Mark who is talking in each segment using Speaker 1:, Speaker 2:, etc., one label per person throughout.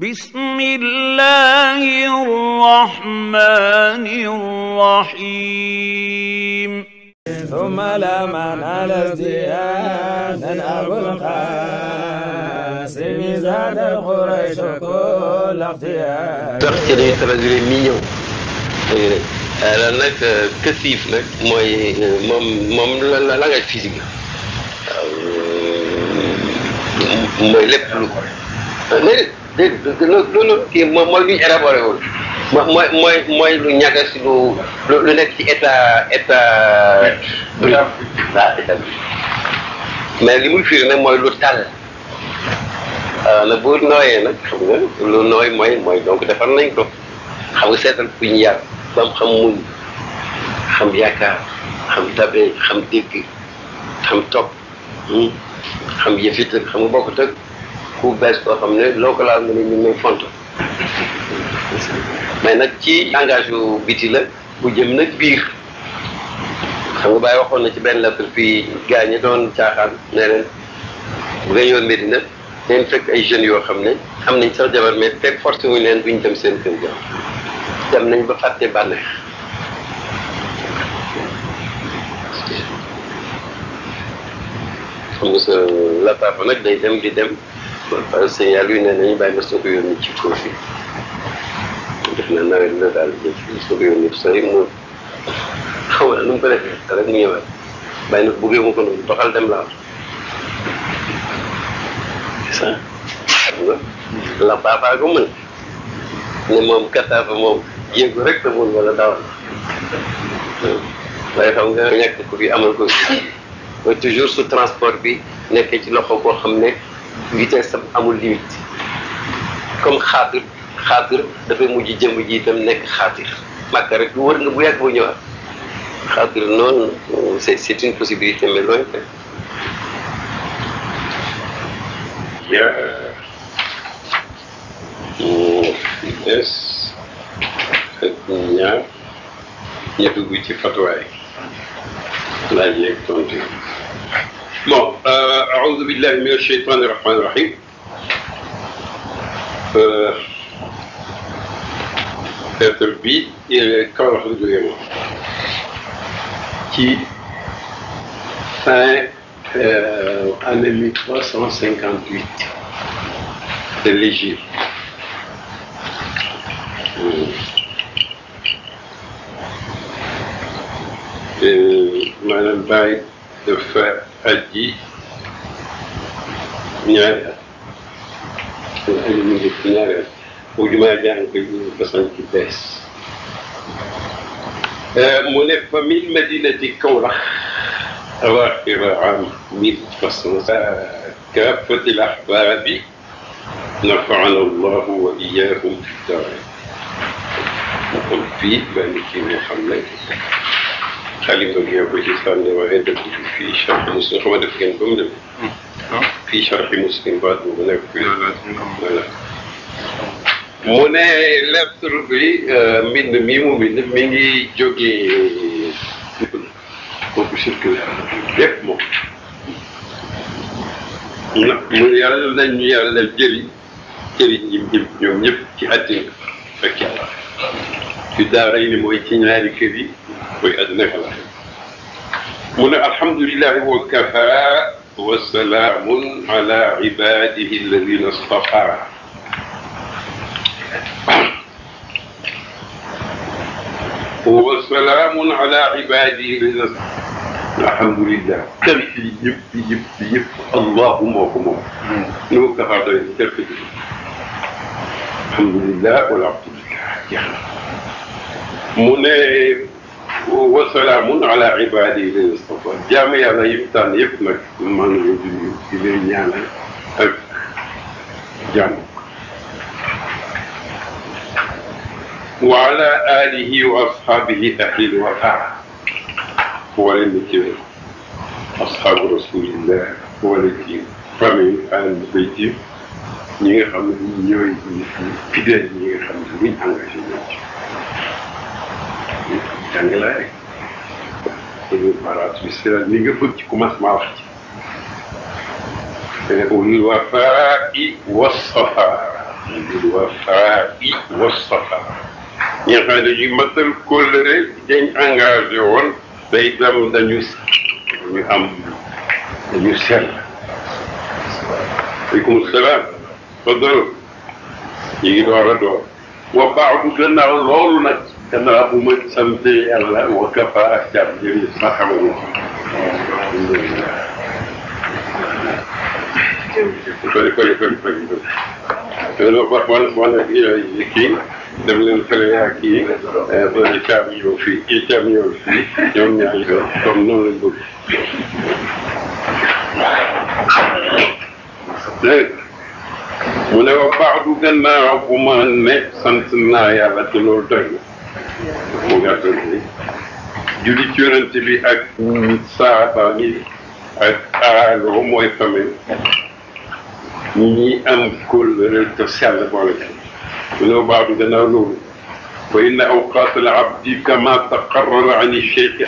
Speaker 1: بسم الله الرحمن الرحيم ثم لمن على ازدياد ابو القاسم زاد قريش
Speaker 2: كل اغتيال تختري ترجري 100 انا لك كثيف لك موي مام لا لا فيزيك موي لب لو dégg nga kii moom mooy lu ñu mooy mooy mooy lu ñàkk si lu lu nekk ci état état. brut waaw état brut mais li muy firnde mooy lu tàll. waaw euh, nag boo nooyee nag xam nga lu nooy mooy mooy donc defar nañ ko xam nga ku ñu yar ba mu xam muñ xam yaakaar xam tabe xam dégg xam topp hmm, xam yëfit xam nga bokkut bu bees boo xam ne loo ko laal nga ne ñu may font mais nag ci langage wu biti la bu jëm nag biir xam nga Baye waxoon na ci benn lettre fii gars ñi doon caaxaan ne bu ngeen yoon Medina neen fekk ay jeunes yoo xam ne am nañ sax jabar mais fekk forcé wuñ leen buñ dem seen kër jabar dem nañ ba fàtte bànneex xam nga sa latafa nag day dem di dem ba signal yu ne nañu bàyyi ma soo ko ci koo fi def na nawet la daal jël soo ko yónni sori mu xaw na nu mu ko defee rek mu ñëwaat bàyyi na buggee ma ko noonu doxal dem laa xam nga la baabaa ko mën ne moom kattaafa moom jéegu rek te mun wala dawal waaye xam nga ñàkk ko fi amal ko fi toujours su transport bi nekkee ci loxo koo xam ne vitesse am amul limite comme xaatir xaatir dafay mujj jëmm ji itam nekk xaatir màkka rek du wër nga bu yàgg ba ñëwaat xaatir noonu c'est c'est une possibilité mais lointaine
Speaker 1: bien des ak ñaar ñu dugg ci fatwaay laaj yeeg tontu Bon, euh, billahi min ash-shaytan ar-rahman ar-rahim. Euh, il est carré de l'émo. Qui fin euh, année 1358 de l'Égypte. Et Madame Baye de faire حجي من نعم. الحج من النار وجماعة جاء في بصنة الباس آه، منف من مدينة كورة أواخر عام من 1900 كافة الأحباب نفعنا الله وإياهم في الدار وقل فيه بأنك محمد خالد بوجيسان وهذا في شرح مسلم هو ده كان ضمن في شرح مسلم بعد هناك لا moo ne lettre bi mbind mi mu mbind mi ngi jóge kooku circulaire yépp moom na mu yàlla nañ ñu yàlla jëriñ jëriñ ñi ñëpp ñoom ñëpp ci àddina ak ci ci daara yi mooy ci ñaari kër yi ويأدناك الرحمة هنا الحمد لله وكفى وسلام على عباده الذين اصطفى وسلام على عباده الذين الحمد لله كفي يب يب يب اللهم وهم نو كفى ترفي الحمد لله والعبد لله يعني من وسلام على عباده المصطفى جامع يا نيب تان يب نك مان جامع وعلى اله واصحابه اهل الوفاء هو اللي اصحاب رسول الله هو اللي فمن ال بيت نيغا خامي نيوي فيدال نيغا خامي ني انغاجي Canela é. Ele barato de ser amiga porque começa mal. بالوفاء والصفاء بالوفاء والصفاء ñi nga xam ne dañuy matal kóllëre dañ engagé woon day dem dañu ñu am dañu sell aleykum salaam fadal ñu ngi door a door wa baax du gannaaw loolu nag gannaaw bu ma sant yàlla wa kafa ak jàmm jërëjëf ma xamal ma fële fële fële fële wax ma ma ne kii dem leen fële ak kii fële caam ñëw fii kii caam ñëw fii ñoom ñaar yoon comme noonu lañ bëgg dégg mu ne wa baax du gannaaw bu ma ne sant naa yàlla te loolu doy na mogatoni julit yonent bi ak saaba yi ak aaloo mooy famille ñi ñi am kóllëre te sell boole ci mu ne baadu gannaaw loolu fa inna awqaat al abdi kama taqarrara an cheikh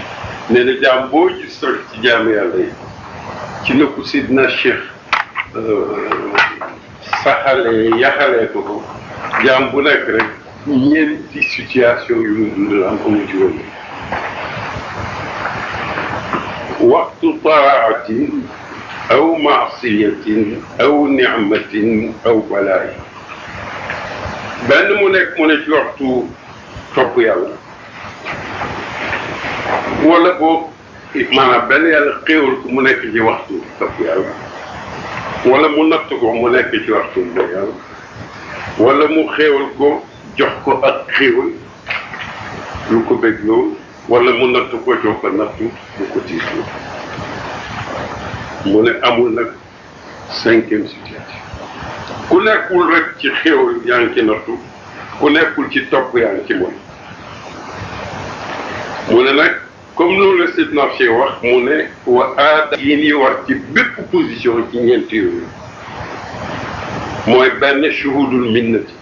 Speaker 1: nee na jaam boo gis sol ci jaam yàlla yi ci la ko sidna cheikh saxalee yaxalee ko ko jaam bu nekk rek millième des situations que nous rencontrons aujourd'hui. وقت طاعة أو معصية أو نعمة أو بلاء بان مونيك مونيك وقتو توب يالا ولا بو مانا بان يالا خيول مونيك جي وقتو توب يالا ولا مو نتوكو مونيك جي وقتو توب يالا ولا مو خيول كو jox ko ak xéewal lu ko bégloo walla mu nattu ko jox nattu lu ko tiitloo mu ne amul nag cinquième situation ku nekkul rek ci xéewal yaa ngi nattu ku nekkul ci topp yaa ngi ci mu ne nag comme loolu la Seydina Cheikh wax mu ne wa aada yi ñuy wax ci bépp position ci ñeenti yooyu mooy benn shuhudul minnati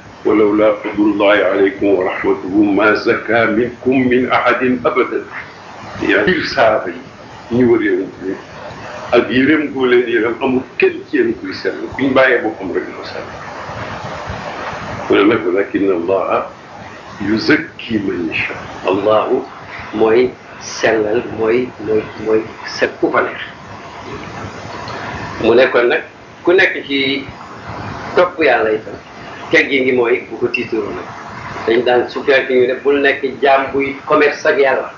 Speaker 1: ولولا فضل الله عليكم ورحمته ما زكى منكم من أحد أبدا يعني saafay ñi wër yow ak yërëm ko leen yërëm amul kenn ci yéen kuy sell kuñ bàyyee boppam rek moo sell mu ne nag lakin allah yuzakki man yasha allahu mooy sellal mooy
Speaker 2: mooy mooy set ku fa neex mu ne kon nag ku nekk ci topp yàlla itam teggin gi mooy bu ko tiituroo nag dañ daan sukkandiku ñu nekk jaam buy commerce ak yàlla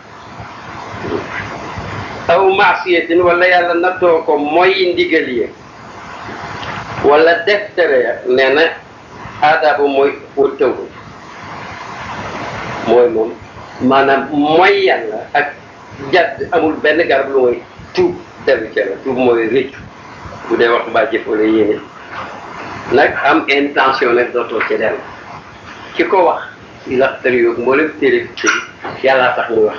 Speaker 2: aw maasiyatin wala yàlla nattoo ko mooy ndigal yi wala def tere nee na aadaabu mooy wëttëngu mooy moom maanaam mooy yàlla ak jadd amul benn garab lu mooy tuub dellu ca tuub mooy rëccu bu dee wax mbaa jëf wala yéene nag am intention nag dootoo ci dem ki ko wax si lax tër yooyu mboolem téere ci yàllaa tax muy wax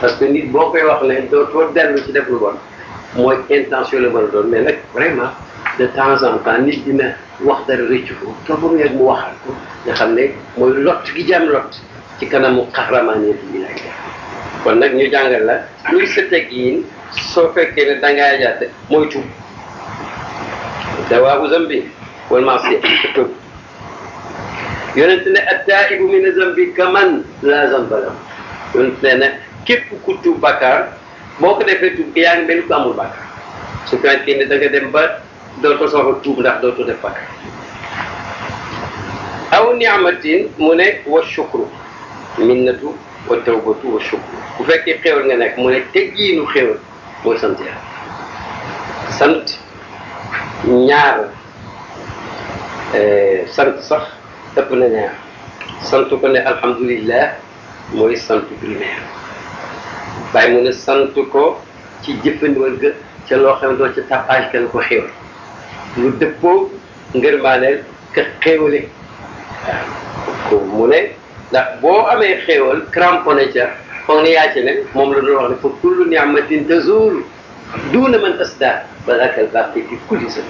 Speaker 2: parce que nit boo koy wax ne dootoo dellu ci def lu bon mooy intention la mën a doon mais nag vraiment de temps en temps nit dina wax dara rëccu ko te mu yegg mu waxal ko nga xam ne mooy lot gi jam lot ci kanamu xaxramaan yi bi nag kon nag ñu jàngal la luy sa teggiin soo fekkee ne dangaa jaate mooy tuub dawaabu zambi wal maasiya tëb yonent ne attaa'ibu mina zambi kaman laa zamba lahu yonent ne nag képp ku tuub bàkkaar boo ko defee tuub yaa ngi mel ku amul bàkkaar su fekkee ne da nga dem ba dootoo soxla tuub ndax dootoo def bàkkaar aw ni'matin mu ne wa shukru minnatu wa tawbatu wa shukru bu fekkee xéwal nga nekk mu ne teggiinu xéwal mooy sant yàlla sant sant sax ëpp na neex sant ko ne alhamdulillah mooy sant bi neex bàyyi mu ne sant ko ci jëfandikoo ga ca loo xam doo ca tapage kenn ko xéewal lu dëppoo ngir ngërmaaneel ka xéewale waaw mu ne ndax boo amee xéewal cramponé ca foog ne yaa ci ne moom la doon wax ne fa kullu niamatin tazul duuna man asdaar balaa baax te di ku ci sa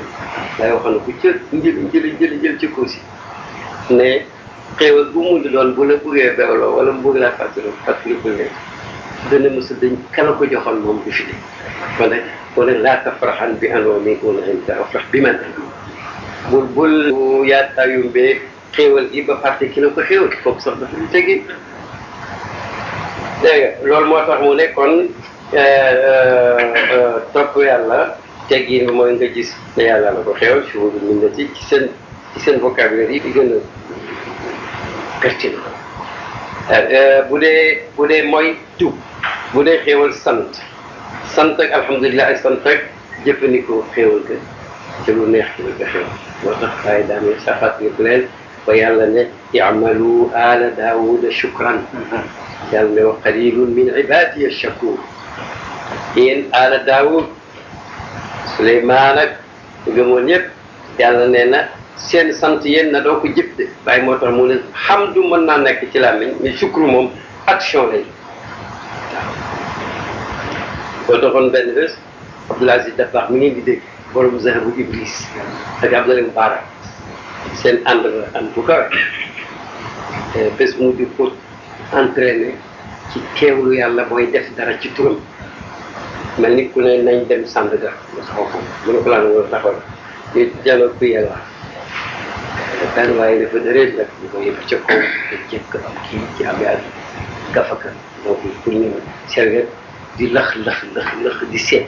Speaker 2: day waxoon ku jël njël njël njël njël ci kuusi ne xéewal bu mu doon bu la bëggee bewloo wala mu bëgg laa fàttali fàttali ko leen dana mësul dañ kala ko joxoon moom du fi kon nag kon nag laa tafraxan bi anoo mi un inta afrax bi man bul bul yaataayumbee xéewal gi ba fàtte ki la ko xéewal kooku sax dafa ñu tegi dégg nga loolu moo tax mu ne kon topp yàlla teggin bi mooy nga gis ne yàlla la ko xewal shuhudu minnati ci seen ci seen vocabulaire yi di gën a pertinent bu dee bu dee mooy tub bu dee xéewal sant sant ak alhamdulilah ak sant ak jëfandikoo xéewal ga ci lu neex ci lu ko xéewal moo tax waaye daamee saxaat yëpp leen ba yàlla ne iamalu ala daawuda shukran yàlla ne wa qalilun min ibadiya shakur yéen ala daawud Suleymaan ak gëmoon ñëpp yàlla nee na seen sant yéen na doo ko jëpp de bàyyi moo tax mu ne xam naa nekk ci làmmiñ mais sukru moom action lañ waaw boo doxoon benn bés Abdoul Aziz Dabakh mi ngeen di dégg borom zahabu iblis ak Abdoulaye Bara seen ànd la ànd bu kawe mu di ko entraîné ci teewlu yàlla mooy def dara ci turam mel ni ku ne nañ dem Sandaga mu taxaw ko mu ne ko laal di jalo ku yàlla benn waaye dafa dëreet nag ñu ko yëpp ca kaw te jëkk am kii ci amee ak gafaka di lëx lëx lëx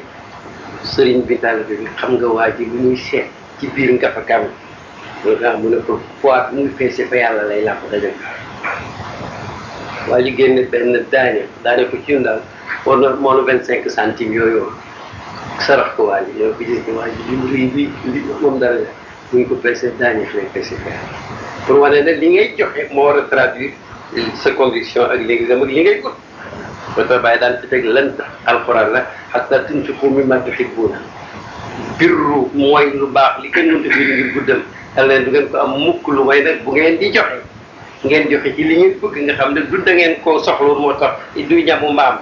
Speaker 2: sëriñ bi daal xam nga waa ji lu muy seet ci biir gafakaam ah, mu ne ko poids bi muy peese fa yàlla lay làmp daje waa ji génne benn daane daane ko ci daal war na moo la vingt cinq centimes yooyu sarax ko waa ji yow bi gis ni waa ji li mu rëy bi li moom dara la bu ñu ko peesee daañu fi lay peesee pour wane ne li ngay joxe moo war a traduire sa conviction ak léegi dem ak li ngay ut. ba tax bàyyi daan ci teg lan alxuraan la hatta tunfiqu mimma tuhibbuuna birru mooy lu baax li kenn mënta biir ngir guddal yàlla leen du ngeen ko am mukk lu may nag bu ngeen di joxe ngeen joxe ci li ngeen bëgg nga xam ne du da ngeen koo soxla moo tax du ñamu mbaam.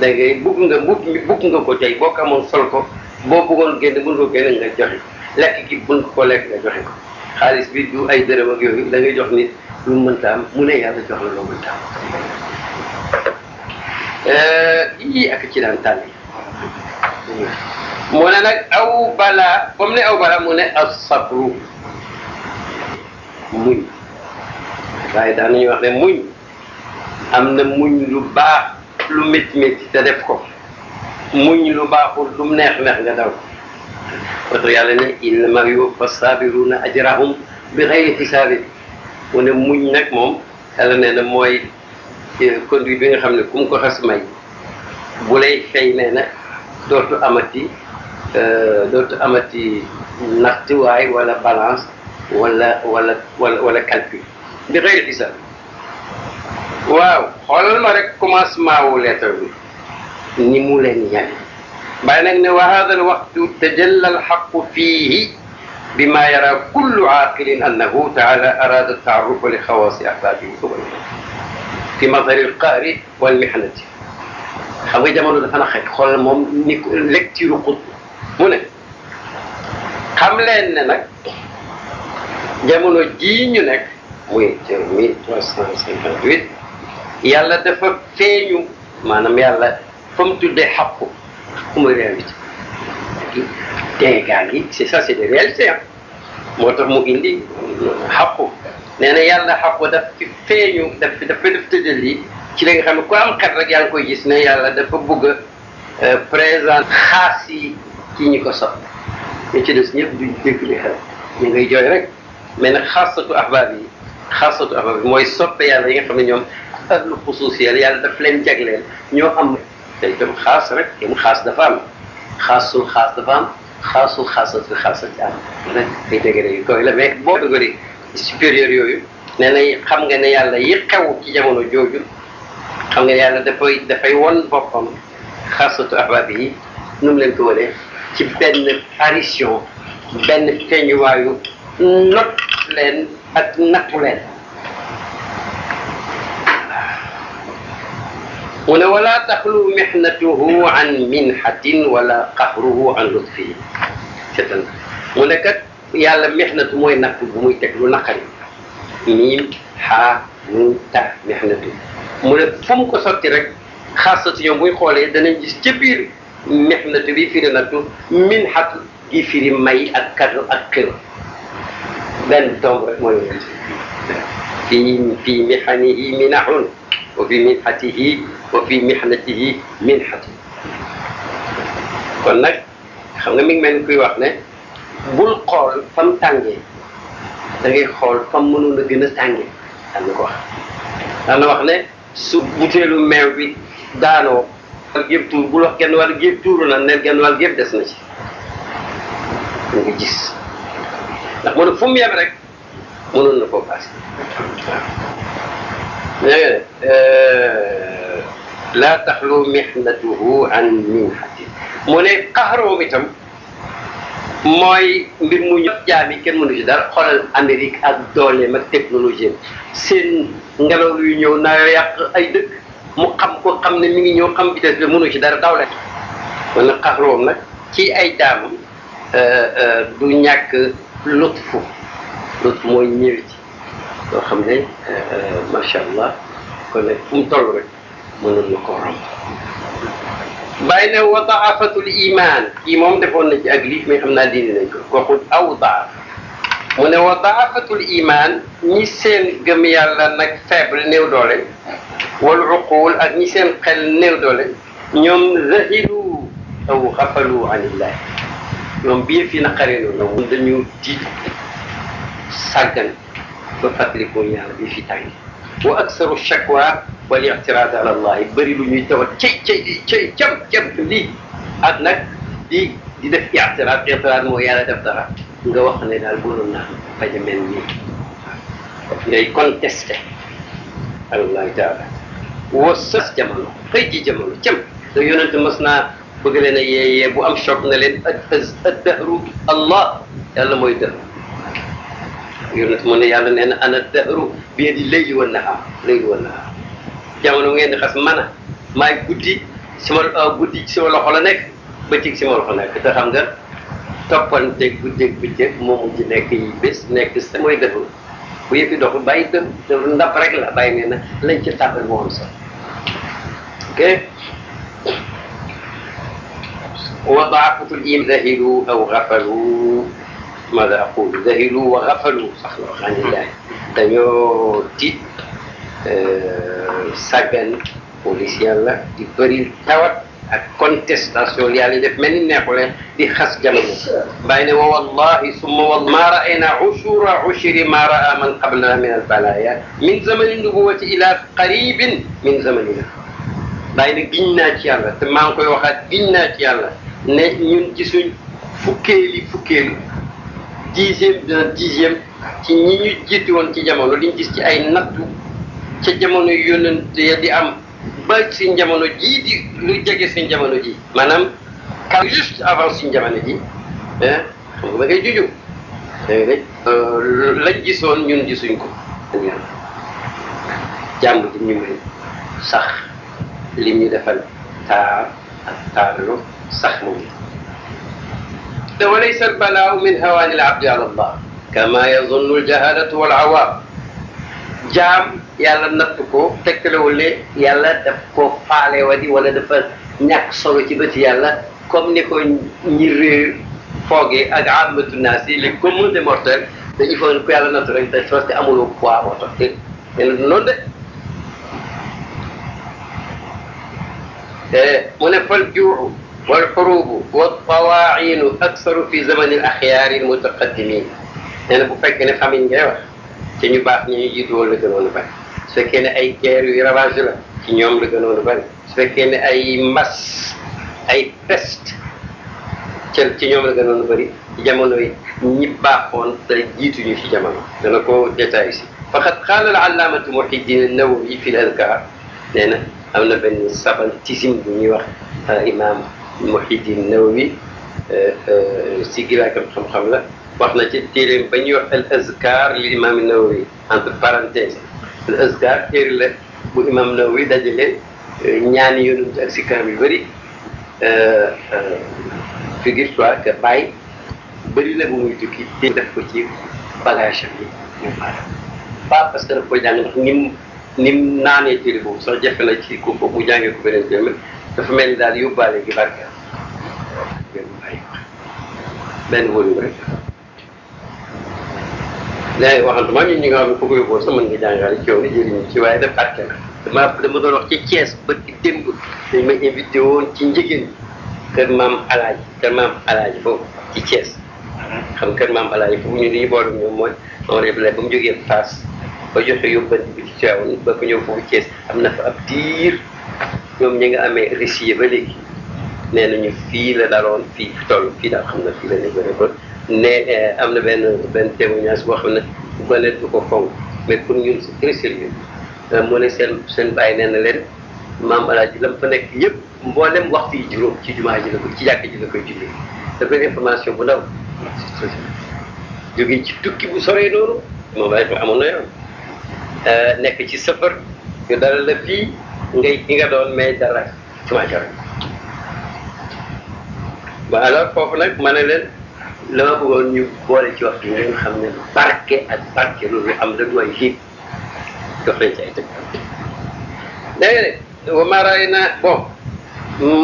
Speaker 2: léegi bugg nga bugg bugg nga ko tey boo ko amoon sol ko boo bëggoon génn mën ko génne nga joxe lekk gi mën ko lekk nga joxe ko xaalis bi du ay dërëm ak yooyu da jox ni lu mu mënta am mu ne jox la loo mënta am eh, yii ak ci daan tànn ne nag aw balaa ba mu ne aw balaa mu ne asabru muñ waaye daan nañu wax ne muñ am na muñ lu baax. lu métti métti te def ko muñ lu baaxul lu mu neex neex nga daw oto yàlla ne innama yuwaffa saabiruna ajrahum bi xayri xisaabin mu ne muñ nag moom yàlla nee na mooy eh, conduite bi nga xam ne ku mu ko xas may bu lay xëy nee na dootu amati eh, dootu amati nattuwaay wala balance wala wala wala wala calcul bi xëy na xisaab waaw xoolal ma rek commencement wu lettre bi ni mu leen yan bàyyi nag ne wa hada alwaqtu tajalla alxaqu fiihi بما يرى كل عاقل أنه تعالى أراد التعرف لخواص أحبابه في مظهر القهر والمحنة xam nga jamono dafa naxeet xool moom ni lecture xut mu ne xam leen ne nag jamono jii ñu nekk muy 1358 yàlla dafa feeñu maanam yàlla fa mu tuddee xàqu mooy réalité teegaal gi c'est ça c'est des réalités ah moo tax mu indi xàqu nee na yàlla xàqu daf ci feeñu daf daf daf tëddal yi ci la nga xam ne ku am xel rek yaa ngi gis ne yàlla dafa bëgg a euh, présent xaas yi ci ko sopp ñu ci des ñëpp duñ dégg li xel ñu ngay jooy xaasatu ahbaab xasatu ababi mooy soppe yàlla yi nga xam ne ñoom ahlu xusuusiyal yàlla daf leen jagleel ñoo am te itam xaas rek yam xaas dafa am xaasul xaas dafa am xaasul xaasatu xaasati am nag ay degré yu koy la mais boo degré supérieur yooyu nee na xam nga ne yàlla yi xew ci jamono jooju xam nga ne yàlla dafay dafay won boppam xaasatu ahbaab yi nu mu leen ko wanee ci benn apparition benn feeñuwaayu not leen ak nattu leen mu ne wala taxlu mixnatuhu an minxatin wala qaxruhu an lutfihi seetal mu ne kat yàlla mixnatu mooy nattu bu muy teg lu naqari miim xaa mu ta mixnatu mu ne fu mu ko sotti rek xaasatu yow muy xoolee danañ gis ca biir mixnatu bi firi nattu minxatu gi firi may ak kaddu ak xir benn tomb rek mooy yonent fii fii mihanihi minahun wa fi minhatihi wa fi mihnatihi minhati kon nag xam nga mi ngi mel ni kuy wax ne bul xool fa mu tàngee da ngay xool fa mu mënoon a gën a tàngee daan na ko wax daan na wax ne su butéelu meew bi daanoo ak yëpp tuur bul wax genn wàll yëpp tuuru na ne genn wàll yëpp des na ci nga gis ndax mënu fu mu yem rek mënoon na koo passé waaw ña ngeen euh, laa taxlu mu ne xaxaroom itam mooy mbir mu ñëpp jaami kenn mënu ci dara xoolal Amérique ak dooleem ak technologie seen ngelaw yu ñëw naa yoo ay dëkk mu xam ko xam ne mi ngi ñëw xam vitesse bi mënu ci dara daw la kon nag xaxaroom nag ci ay jaamam euh, euh, du ñàkk لطف لطف موي ميريت لو خمني آه، ما شاء الله كنا نطلب من القرآن بين وضعفة الإيمان إمام دفعنا أجليف من خمنا لدينا وقد أوضع من وضعفة الإيمان نسين جميع لنك فابل نيودولي والعقول نسين قل نيودولي نيوم ذهلوا أو غفلوا عن الله ñoom bi yëf yi naqaree noonu ñoom dañu tiit sàggan ba fàttalikoo yàlla bi fi tàngi wa aksaru shakwa wal ictiraad ala allahi bëri lu ñuy tawat cay cay cay cam cam lii ak nag di di def ictiraad ictiraad moo yàlla def dara nga wax ne daal mënoon naa bañ a mel nii ngay contesté alallahi taala wa sas jamono xëy ji jamono cam te yonente mos naa bëgg leen a yeeyee bu am choc na leen ad-dahru allah yàlla mooy dahru yonent mu ne yàlla nee na ana dahru bi yadi layli wa nahaar layli wa nahaar jamono ngeen di xas man a maay guddi sama ah, guddi ci sama loxo la nekk bëccëg ci sama loxo la nekk te xam nga toppante guddeeg bëccëg moomu ji nekk yi bés nekk sa mooy dahru bu yëpp dox bàyyi dahru dahru ndab rek la bàyyi nee na lañ ci tàbbal moo am sax ok وضعفة الإيم ذهلوا أو غفلوا ماذا أقول ذهلوا وغفلوا صح الله دانيو طيب، تي أه ساقن بوليسي الله دي بريل تاوت الكونتستاسيون يعني دي من النقل دي خاص جمعه بين والله ثم والله ما رأينا عشر عشر ما رأى من قبلنا من البلايا من زمن النبوة إلى قريب من زمننا بين جنات يالله تمام كوي وخات جنات يالله ne ñun ci suñ fukkeeli fukkeelu dixième d'un dixième ci ñi ñu jiitu woon ci jamono liñ gis ci ay nattu ca jamono yonent ya di am ba si jamono jii di lu jege suñ jamono ji maanaam kaw juste avant suñ jamono ji ah xam nga ba ngay juju dégg euh, lañ gisoon ñun gisuñ ko jàng di ñu may sax lim defal taar ak taarlu سخمية وليس البلاء من هوان العبد على الله كما يظن الجهالة والعوام جام يلا نتكو تكلو لي يلا دفكو فالي ودي ولا دفا نك صلو تبت يلا كم نكو نيري فوقي اك عامة الناس اللي كم دي مرتل دي يفو نكو يلا نتكو نتكو نتكو نتكو نتكو نتكو نتكو نتكو نتكو نتكو نتكو نتكو نتكو نتكو نتكو نتكو نتكو نتكو والحروب والطواعين اكثر في زمن الاخيار المتقدمين انا يعني بو فك ني خامي نغي واخ تي ني باخ ني جي دول دغون با سكن اي كير وي رافاج لا تي نيوم دغون با سكن اي مس اي بيست تي تي نيوم دغون بري جامونو ني باخون تا جيتو ني في جامونو دا نكو ديتاي سي فقد قال العلامه محي الدين النووي في الاذكار لان امنا بن سبن تيزم ني واخ محي الدين النووي آه، آه، سيجي لها كم خمخم لا وحنا تيرين بنيو الأذكار للإمام النووي عند بارانتيز الأذكار كير له بو إمام النووي داجل آه، نياني يونو تأكسي كامي بري في قصوة كباي بري لك مويتو كي تيرين دفوتي بلا شمي با بس كنا بو جانب يعني نيم نيم ناني تيري بو سو جفنا تي كوكو بو جانب كبيرين تيرين Sementar Yuba lagi pakai. benn volume rek léegi waxal ma ñun ñi nga xam ne ku koy boo kali, ngi jàngal ci yow jëriñ ci waaye def barke la dama dama doon wax ci Thiès ba ci démb dañ ma invité woon ci njëgën kër maam alaaji kër maam alaaji foofu ci belum juga pas. Kau juga foofu di boolum ñoom mooy on rêve ñoom ñi nga amee risque ba léegi nee nañu fii la daloon fii toll fii daal xam na fii la nekk ba ne eh, am na benn benn témoignage boo xam ne gone du ko fonk mais pour ñun c'est très sérieux euh, mu ne seen seen bàyyi nee na leen maam alaaji lam fa nekk yëpp mboolem waxtu yi juróom ci jumaa ji la ko ci jàkk ji la ko jullee da koy information bu ndaw jógee ci tukki bu soree noonu moom ay amoon na yoon euh, nekk ci safar ñu dalal la fii ngay ki nga doon mais dara cuma jaral ba alors foofu ma ne leen la ma bëggoon ñu boole ci waxtu ngeen xam ne barke ak barke am rek mooy fii jox leen ci ay tëg dégg na bon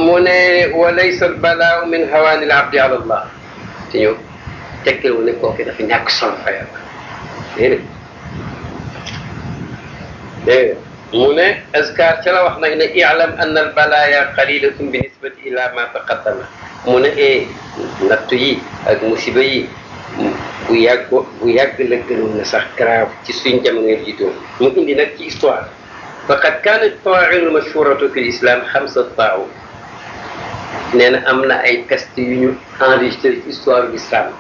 Speaker 2: mu ne wa laysa al balaa min hawaani al abdi ala allah te ñëw tekkewu ne dafa ñàkk solo fa yàlla dégg يقضونه أذكار كلا وحنا هنا يعلم أن البلايا قليلة بالنسبة إلى ما تقدم من إيه نبتي المصيبي وياك وياك لك سكرا في سين جمعنا جدو ممكن دينك إستوار فقد كانت الطواعي المشهورة في الإسلام خمسة طاعون نحن أمنا أي كاستيونيو أنريشتر إستوار الإسلام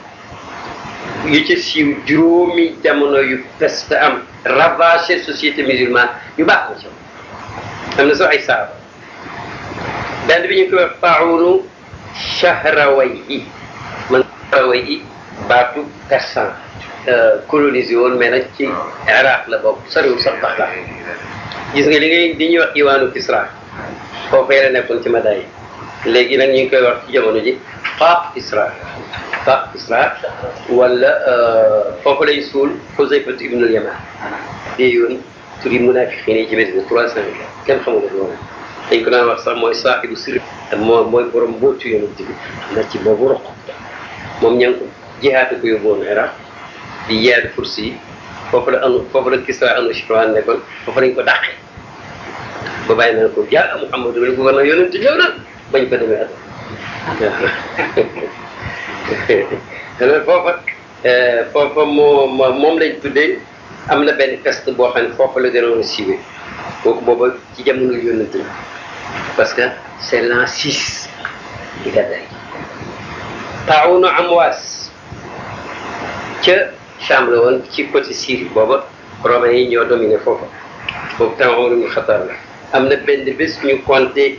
Speaker 2: yi ca siiw juróomi jamono yu peste am ravagé société musulmane ñu baax na ci am saaba benn bi ñu koy wax Taawunu Shahrawayhi man Shahrawayhi baatu persan euh, colonisé woon mais nag ci Iraq la bokk soriwul sax Bagdad gis nga li ngay di ñuy wax Iwaanu Kisra foofee la nekkoon ci léegi nag ñu ngi koy wax ci jamono ji Pape Isra Pape Isra wala euh, foofu lay suul Xusayfat ibnul Yaman bii yoon tur yi munaafiqiin yi ci kenn xamu ko noonu dañ ko daan wax sax mooy saaxibu sirri moo mooy borom mbootu yonent bi xam na ci boobu roq moom ña ngi ko jihaatu ko yóbboon Iraq di jihaatu fursi yi foofu la anu foofu la Kisra anu Shirwan nekkoon foofu lañ ko dàqee na ko jaa Muhammadu bañ ko demee at loolu foofa euh, foofa moom lañ tuddee am na benn peste boo xam ne foofa la gënoon a siiwee kooku booba ci jamono yónnante la parce que c'est l'an six di gàddaay taawunu amwaas ca ci côté Syrie booba romains yi ñoo dominé foofa boobu taawunu am na benn bés ñu compté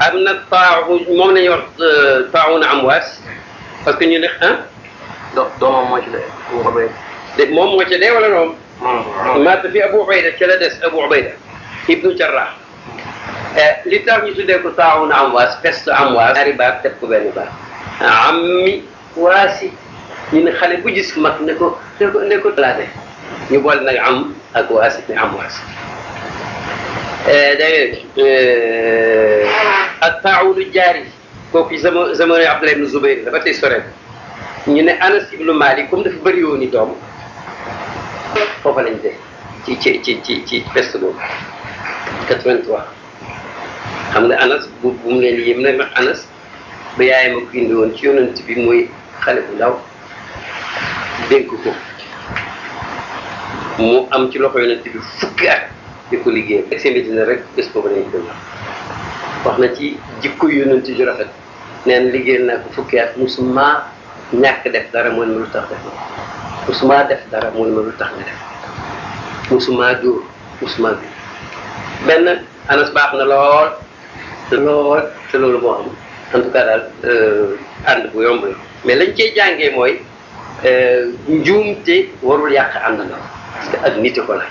Speaker 2: am nag taaxu moom la ñuy wax taaxuuna amwaas parce que ñu ne ah. do doomam moo ci dee. moom moo ci dee wala doom. maata fi abu ubayda ca la des abu ubayda ibnu jarrah li tax ñu tuddee ko taaxuuna amwaas peste amwaas. ñaari baat def ko benn baat. ammi waasi ñu ne xale bu gis mag ne ko ne ko ne ko. ñu boole nag am ak waasi ne am waasi. ak taawunu jaari kooku zama zamano abdullah ibnu zubayr la ba tey sore ñu ne anas ibnu malik comme dafa bëri woon i doom foofa lañ def ci ci ci ci ci peste boobu 83 xam nga anas bu bu mu leen yëm na ma anas ba yaayam ak indi woon ci yonent bi mooy xale bu ndaw dénk ko mu am ci loxo yonent bi fukki at di liggéey ak seen rek bés wax. wax na ci jikko yonent ju rafet nee na liggéeyal naa ko fukki at musuma ñàkk def dara mu ne ma lu tax def musuma tax nga def musuma dóor musuma dóor benn anas baax na lool te lool te loolu moo am en tout cas daal euh, ànd bu yomb la mais lañ cee jàngee mooy euh, njuumte warul yàq ànd na parce que ak nite ko la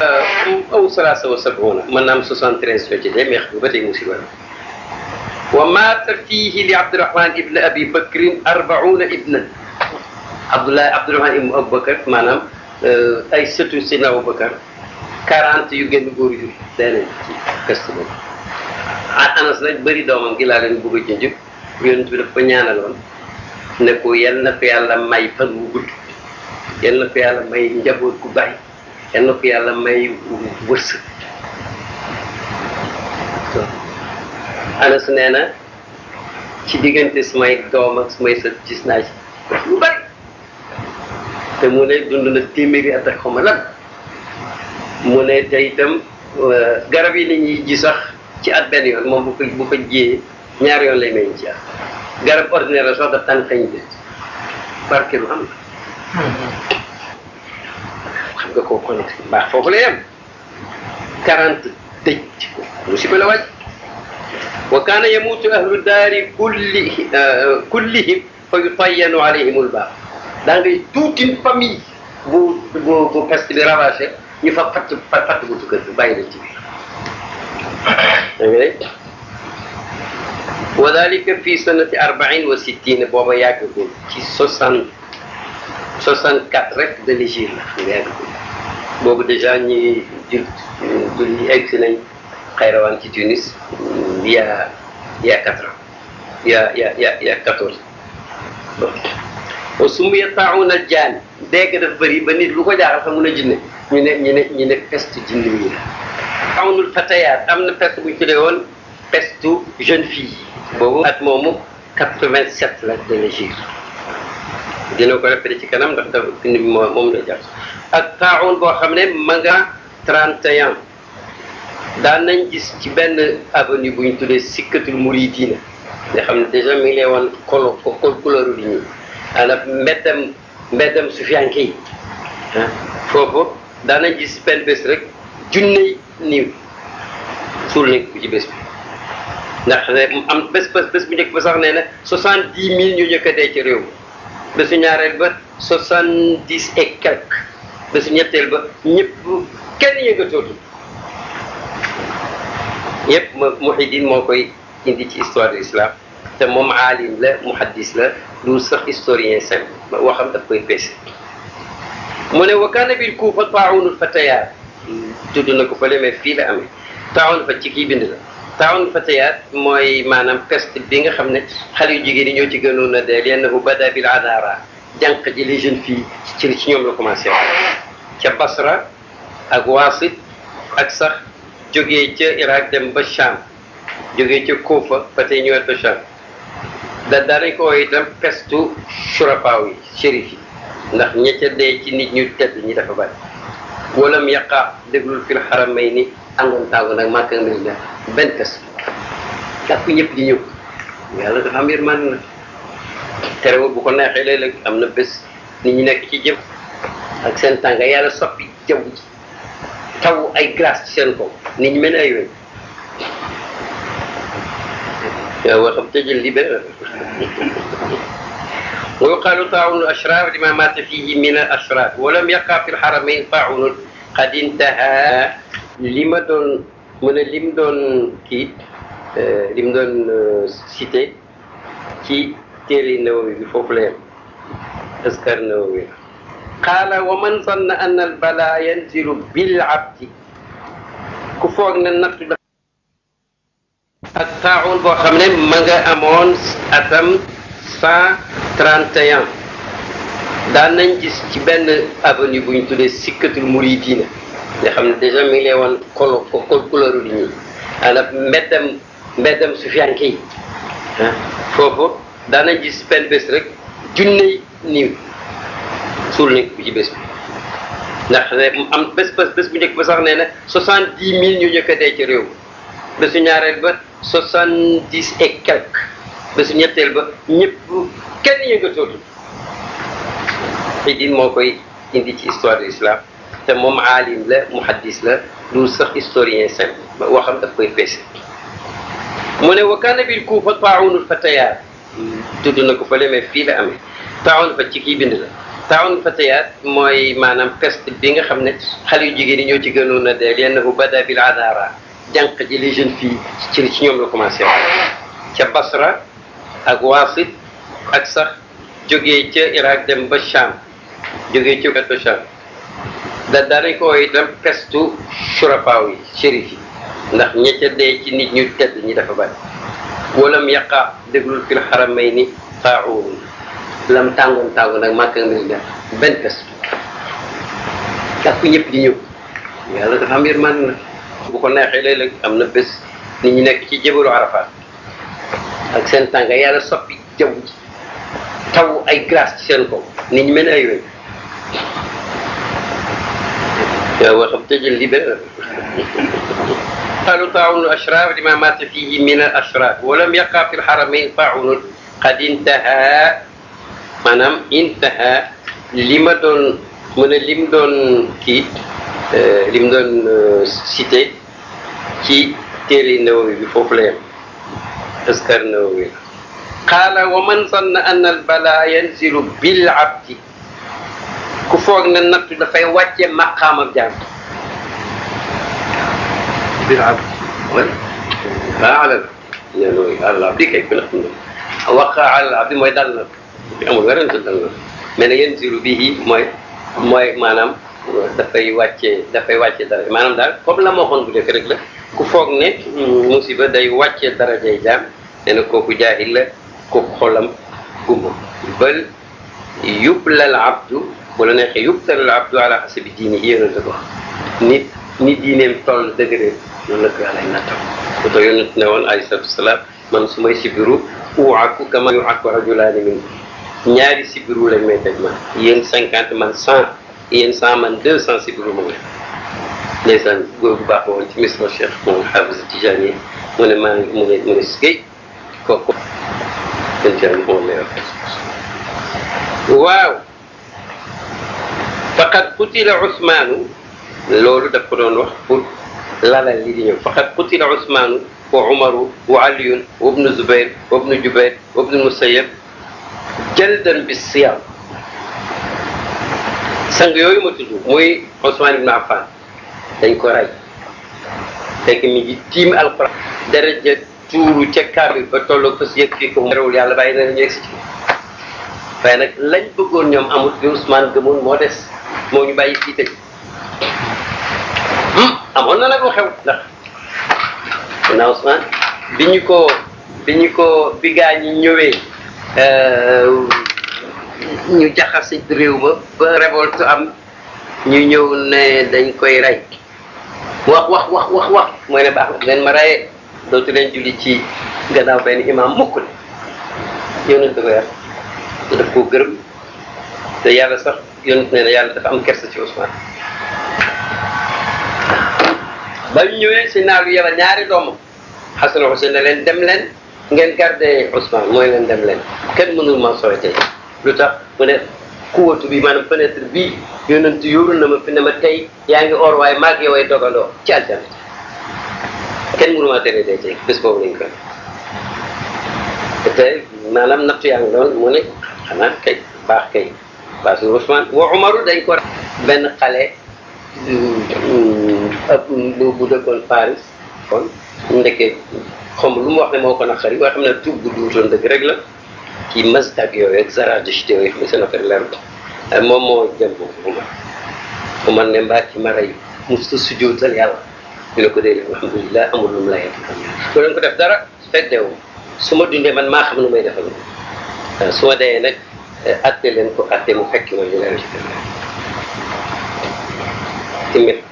Speaker 2: aw salaasa wa sab'una maanaam 73 la ci dem yàq ba tey musiba wa maata fiihi li Abdurahman ibn Abi Bakrin arbauna ibnan Abdoulaye ibn Abi maanaam euh, ay sëtu Seydina Abu Bakr 40 yu gën góor yu leneen ci gëstu Anas nag bëri doomam gi laa leen bëgg a jënjëf yonent bi ñaanaloon ne ko yal na ko yàlla may fan wu gudd yal na ko yàlla may njaboot ku bari. kenn ku yàlla may wërsëg anas nee na ci diggante sumay doom ak sumay sët gis naa ci lu bari te mu ne dund na téeméeri at ak xaw ma lan mu ne te itam euh, garab yi nit ñi ji sax ci at benn yoon moom bu ko bu ko ñaar yoon lay meññ ci at garab ordinaire la sax daf bi barke lu am la
Speaker 1: hmm.
Speaker 2: nga ko connecté mbaax foofu la yem quarante tëj ko musiba la wàcc wa kaana yamuutu ahlu daari kulli kullihim fa yutayanu alayhim ulbaax daa ngay toute une famille bu bu bu peste bi ravagé ñu fa fatt fa fatt buntu kër bi bàyyi leen ci biir dégg wa dalika fi sanati arbain wa sittina booba yàggagul ci soixante soixante quatre rek de l'hégire la nga yàggagul boobu dèjà ñi jul julli egg si nañ xayrawaan ci Tunis mm, il y a il a quatre ans il y a il y a il y a il y a jaan dégg daf bëri ba nit lu ko jaaxal sax mun a jinne ñu ne ñu ne ñu ne pest jinne yi la taawunul fatayaat am na peste bu ñu tuddee woon peste jeune fille boobu at moomu quatre-vingt-sept la dana gir dina ko répété ci kanam ndax daf moom la jàpp ak taaun boo xam ne ma nga 31 daan nañ gis ci benn avenue bu ñu tuddee sikkatul muridina nga xam ne déjà mi ngi lay wan kolo ko couleur bi ñuy maanaam mbeddam mbeddam sufiyanke yi ah, foofu daan nañ gis benn bés rek junney niiw suul nañ ko ci bés bi ndax am bés bés bu njëkk ba sax nee na soixante dix mille ñu njëkk a dee ci réew bésu ñaareel ba soixante dix et quelque ba su ñetteel ba ñëpp kenn yëngatootul ñëpp Muhiddin moo koy indi ci histoire de l'islam te moom aalim la muhaddis la du sax historien simple waxam daf koy peese mu ne wa kaana bil kuufa taaunul fatayaat tudd na ko fële mais fii la amee taaun fa ci kii bind la taaun fatayaat mooy maanaam peste bi nga xam ne xale yu jigéen yi ñoo ci gënoon a dee lenn bu bada bil adaara jank ji les jeunes filles ci ci ñom la commencé ci basra ak wasit ak sax joggé ci iraq dem ba sham joggé ci kufa paté ñu ñëwaat ba sham da dara ko itam pestu shurafawi yi shérif ndax nah, ña ca dee ci nit ñu tedd ñi dafa bari wolam yaqa deglul fil angon tàggu nag màkk ben kess pes jàpp di ñew yalla dafa man terewul bu ko neexee léeg-léeg am na bés nit ñi nekk ci jëm ak seen tànga yàlla soppi jaww ji taw ay glace ci seen kaw nit ñi mel ay weñ yow waxam tëjël li benn ويقال طاعون الأشرار لما مات فيه من الأشرار ولم يقع في الحرمين طاعون قد انتهى لما دون من لم دون كي لم دون سيتي كي téere nawawi bi foofu la yem askar nawawi la qaala wa man zanna anna al balaa yanzilu bil abdi ku foog ne nattu da ak taaxul boo xam ne ma nga amoon atam cent trente nañ gis benn avenue bu ñu tuddee sikkatul muridina nga xam ne dèjà mi ngi lay wan kolo ko foofu daanañ gis benn bés rek junney niiw suul nañ ko ci bés bi ndax am bés bés bu njëkk ba sax nee na soixante dix mille ñu njëkk dee ci réew bésu ñaareel ba soixante dix et quelque ñetteel ba ñëpp kenn yëngatootul te din moo koy indi ci histoire de l'islam te moom aalim la muhaddis la mu ne wa kaana bil kuufa taa'unul fatayaat tudd na ko fële mais fii la amee taawun fa ci kii bind la taawun fatayaat mooy maanaam peste bi nga xam ne xale yu jigéen yi ñoo ci gënoon a dee lennahu bada bil adara jànq ji les jeunes filles ci ci ñoom la commencé ca basra ak waasit ak sax jógee ca iraq dem ba cham jógee ca gato cham da daanañ ko wooye itam pestu surafaaw yi shérif yi ndax ña ca dee ci nit ñu tedd ñi dafa bari walam yaqa déglul fil xaramayni taaxuun lam tàngoon tàngoon nag màkka nga def benn bés tàkku ñëpp di ñëw yàlla dafa am yërmande na bu ko neexee léeg-léeg am na bés nit ñi nekk ci jébalu arafaat ak seen tànga yàlla soppi jaww ji taw ay glace ci seen kaw nit ñi mel ay weñ yow waxam tëjël libéral قالوا طاعون الاشرار لما مات فيه من الاشرار ولم يقع في الحرمين طاعون قد انتهى منام انتهى لمدن من لمدن كي آه، لمدن آه، سيتي كي تيري النووي بفوفليم تذكر النووي قال ومن ظن ان البلاء ينزل بالعبد كفوك من النبت دا واتي مقام الجامد بدعة فأعلن يعني على العبد كيف نحن وقع على العبد mooy dal na amul werante dal na mais nag yanzilu bihi mooy mooy maanaam dafay wàccee dafay wàccee daraja maanaam daal comme la ma waxoon bu njëkk rek la ku foog ne mm, musiba day wàccee darajay jaam nee na kooku jaahil la kooku xolam gumma bal yublal abdu bu la neexee yublal abdu ala xasabi diini yéen a ko nit ni diineem toll dëgëre noonu la ko yàlla nattam ku yonent ne woon alayhi wasalaam man su may sibiru uuaku kama yuaku rajulaani min ñaari sibiru lañ may teg man yéen cinquante man cent yéen cent man deux cent sibiru moom ndeysaan góor bu baax woon ci misra cheikh moom xaafis mu ne maa mu ne mu ne géej kooku moom lay waaw qutila lolu da ko don wax pour lalal li di ñëw faqad qutila usman wa umaru wa ali wa ibn zubair wa ibn jubair wa ibn musayyab jaldan bis siyam sang yoy ma tuddu moy usman ibn affan dañ ko ray tek mi ngi tiim alquran daraja turu ci kaamil ba tolloo fas yëg fii ko rewul yalla bàyyi na ñu egsi ci waaye nag lañ bëggoon ñom amul bi usman gëmoon mo dess mo ñu bayyi fii tëj amoon na nag lu xew ndax na Ousmane bi ñu ko bi ñu ko bi gaa ñi ñëwee euh, ñu jaxase réew ma ba révolte am ñu ñëw ne dañ koy rey wax wax wax wax wax mooy ne baax na ma rayee dootu leen julli ci gannaaw benn imaam mukk ne yonent ko yar daf koo gërëm te yàlla sax yonent ne ne yàlla dafa am kersa ci Ousmane ba ñu ñëwee si naaw yu yebal ñaari doomam Xasan Xuseyn ne leen dem leen ngeen garder Ousmane mooy leen dem leen kenn mënul ma sooyte lu tax mu ne kuwatu bi maanaam fenêtre bii yonent yóoru na ma fi ne ma tey yaa ngi or waaye maag yow ay dogandoo ci aljana kenn mënu maa tere dee ci bés boobu lañ koy te maanaam nattu yaa ngi doon mu ne xanaa kay baax kay parce que Ousmane wa Umaru dañ ko benn xale ak bu bu dëkkoon Paris kon ndekkee xam lu mu wax moo ko naqari waaye xam ne tuub bu duutoon dëgg rek la ci mazhab yooyu ak Zaradusht yooyu xam ne seen affaire leer la euh, moom moo jëm bu ma bu man ne mbaa ci mara yi musta sujjóotal yàlla ñu ne ko dee alhamdulilah amul lu mu lay def. ko def dara fekk deewul su ma dundee man maa xam nu may defal moom euh, su ma dee nag àtte euh, leen ko àtte mu fekk mooy ñu leer ci tamit.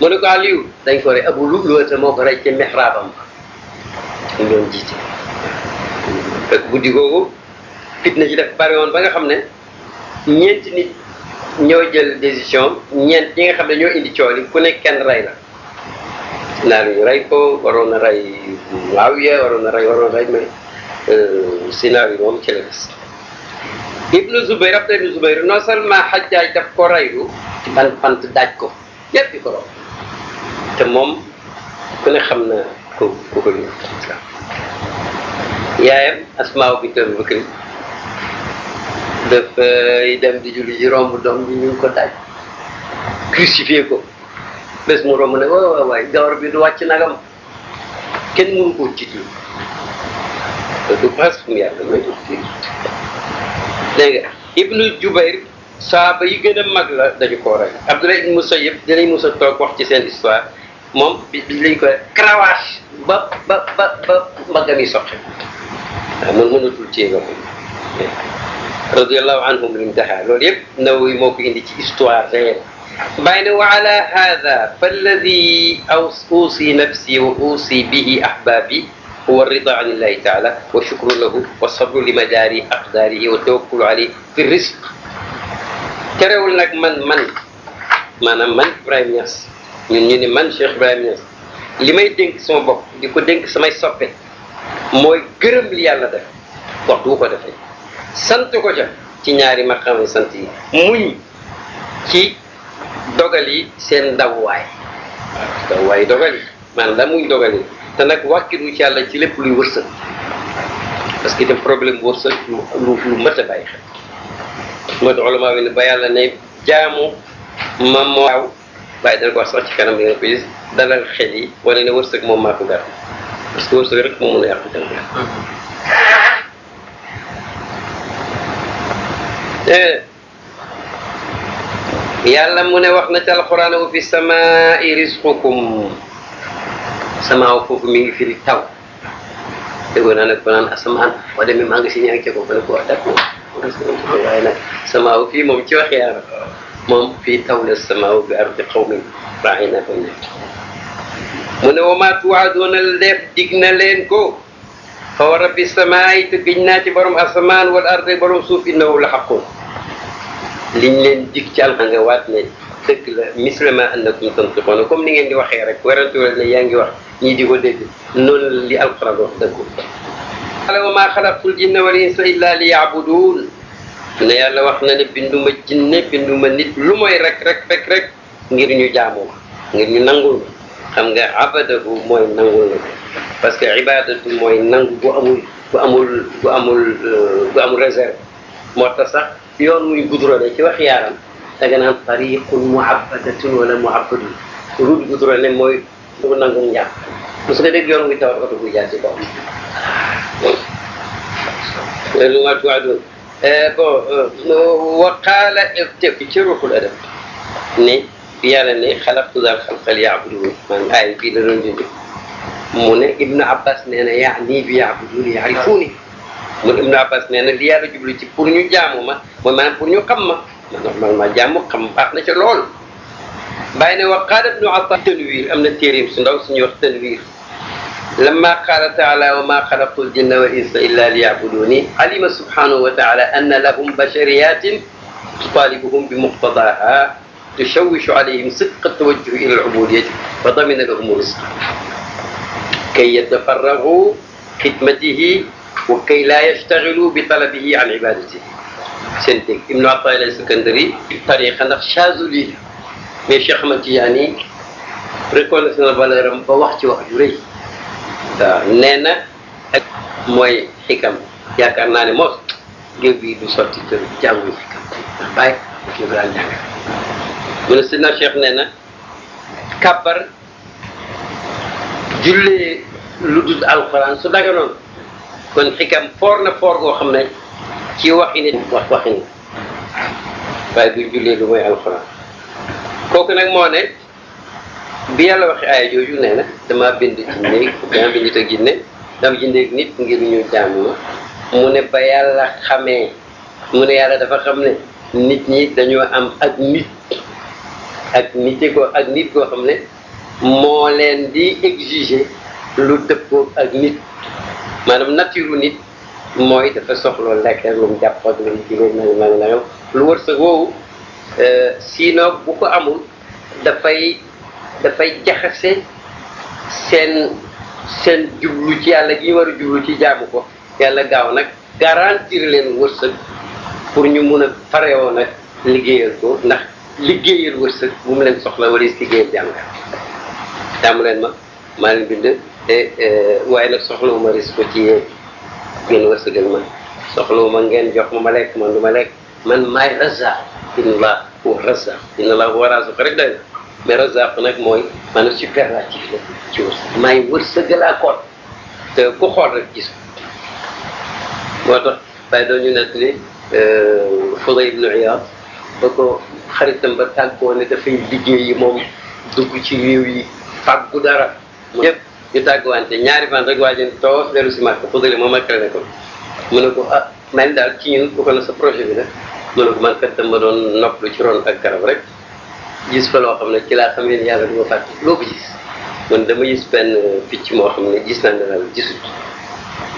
Speaker 2: mu ne ko Aliou dañ ko rey Abu Lu'lu'ata moo ko rey ci mihraabam ñu doon jiite fekk guddi googu fitna def bari woon ba nga xam ne ñeenti nit ñoo jël décision ñeent ñi nga xam ne ñoo indi coow li ku nekk kenn rey la naa ñu rey ko waroon rey Muawiya waroon na rey waroon na rey mais euh, Sina moom ci la des Ibnu Zubayr Abdullah Ibnu Zubayr non seulement Hajjaaj daf ko reylu ci pant daaj ko yépp ko room te moom ku ne xam na ko ku ko ñu yaayam asmaaw bi tëb bëkkri dafay dem di julli ji romb doom bi ñu ko daaj crucifié ko bés mu romb ne waay waay waay gawar bi du wàcc nagam kenn mënu koo du pas mu yàlla may dégg nga ibnu jubair saaba yi gën a mag la dañu ko rey ibnu musayyib dinañ musa toog wax moom liñ ko cravage ba ba ba ba mbaggam yi soqi waaw mun mënatul ci boppam radiallahu anhum intaha loolu yëpp nawawi moo ko indi ci histoire réelle بين وعلى هذا فالذي أوصي نفسي وأوصي به أحبابي هو الرضا عن الله تعالى والشكر له والصبر لمجاري أقداره والتوكل عليه في الرزق كرهوا لك من من من من إبراهيم ياسر ñu ñu ni man Cheikh Ibrahima Niass li may dénk sama bopp di ko dénk samay soppe mooy gërëm li yàlla def waxtu wu ko defee sant ko ca ci ñaari maqaam sant yi muñ ci dogal yi seen ndawwaay ndawwaay dogal yi maanaam la muñ dogal yi te nag wàkkilu ci yàlla ci lépp luy wërsëg parce que itam problème wërsëg lu lu mët a bàyyi xel moo tax ulama bi ne ba yàlla ne jaamu ma moow bàyyi dana ko wax sax ci kanam di nga ko gis dalal xel yi wane ne wërsëg moom maa ko gàtt parce que wërsëg rek moo mën a yàq jàng mm-hmm. eh, yàlla mu ne wax na ci alxuraan wa fi samaa'i rizqukum samaaw foofu mi ngi firi taw déggoo naa nag asamaan boo demee maa ngi si ñaari cee ko ba ne ko wax d' accord waaye nag ci wax yaa moom fii tawla samaaw bi ardi qawmin raina fa nekk mu ne wama tuwaadoona leef dig na leen ko fa wa rabbi samaay te giñ naa ci borom asamaan wal ardi borom suuf innahu la xaqun liñ leen dig ci àlxa nga waat ne dëgg la mislama annakum tantiqoona comme ni ngeen di waxee rek werantuwel ne yaa ngi wax ñii di ko dégg noonu li alquran wax dëggu ala wama xalaqtul jinna wal insa illa li yabudun ne yàlla wax na ne binduma jinne binduma nit lu mooy rek rek rek rek ngir ñu jaamu ngir ñu nangul xam nga abadahu mooy nangul na parce que ibadatu mooy nangu bu amul bu amul bu amul bu eh, amul réserve moo tax sax yoon muy gudurale ci wax yaaram da nga naan tariqun muabbadatun wala muabbadun gudurale mooy nangul parce que dégg yoon muy tawat oto jaar ci kaw وقال افتكروا الادب ني بيان ني خلقت ذا الخلق ليعبدون من اي في الرنجل من ابن عباس نينا يعني بيعبدون يعرفوني من ابن عباس نينا ليا رجبلي تي بور ني جامو ما مو ما بور ني خم ما نورمال ما جامو خم باخنا سي لول باينه وقال ابن عطاء تنوير امنا تيريم سي ندو سي ني وقت تنوير لما قال تعالى وما خلقت الجن والإنس إلا ليعبدوني علم سبحانه وتعالى أن لهم بشريات تطالبهم بمقتضاها تشوش عليهم صدق التوجه إلى العبودية فضمن لهم الرزق كي يتفرغوا خدمته وكي لا يشتغلوا بطلبه عن عبادته سنتك ابن عطاء الاسكندري طريقة نخشاز لي من شيخ متياني ريكونس na valeur وقت وقت wax waaw nee na ak mooy xikam yaakaar naa ne moos géew bi du sotti te jànguñu xikam ndax bàyyi kii bi daan jàng mu ne Seydina Cheikh nee na kàbbar jullee lu dul alxuraan su daganoon kon xikam foor na foor goo xam ne ci waxi nit wax waxi nit waaye du jullee lu mooy alxuraan kooku nag moo ne bi yàlla waxee aaya jooju nee na dama bind jinne dama bind te jinne dama nit ngir ñu jaamu ma mu ne ba yàlla xamee mu ne yàlla dafa xam ne nit ñi dañoo am ak nit ak nite ak nit koo xam ne moo leen di exiger lu dëppoo ak nit maanaam nature nit mooy dafa soxla lekk lu mu jàpp ak lu mu kii nangam nangam lu wërsëg bu ko amul dafay dafay jaxase seen seen jublu ci yàlla gi war a jublu ci jaamu ko yàlla gaaw nag garantir leen wërsëg pour ñu mun a farewoo nag liggéeyal ko ndax liggéeyal wërsëg bu mu leen soxla wala liggéeyal jàngal taamu leen ma maa leen bind te e, waaye nag soxlawuma risque ko ci yéen ngeen wërsëgal ma soxlawuma ngeen jox ma ma lekk man du ma lekk man maay raza inna laa huwa raza inna laa huwa razuq rek doy na mais razaq nag mooy maanaam superlatif la ci wërsëg maay wërsëgalaa koon te ku xool rek gis moo tax bàyyi doon ñu nett ni euh, Fudayl ibn Iyaad ba ko xaritam ba tàggoo ne dafay liggéey yi moom dugg ci réew yi fàggu dara ñëpp ñu tàgguwante ñaari fan rek waa jën toos dellu si màkk Fudayl moom ak ne ko mu ne ko ah mel daal ci ñun ku ko sa projet bi nag mu ne ko man kat dama doon nopplu ci ron ak garab rek gis fa loo xam ne ci laa xamee ni yàlla du ma loo ko gis man dama gis benn picc moo xam ne gis naa ne daal gisut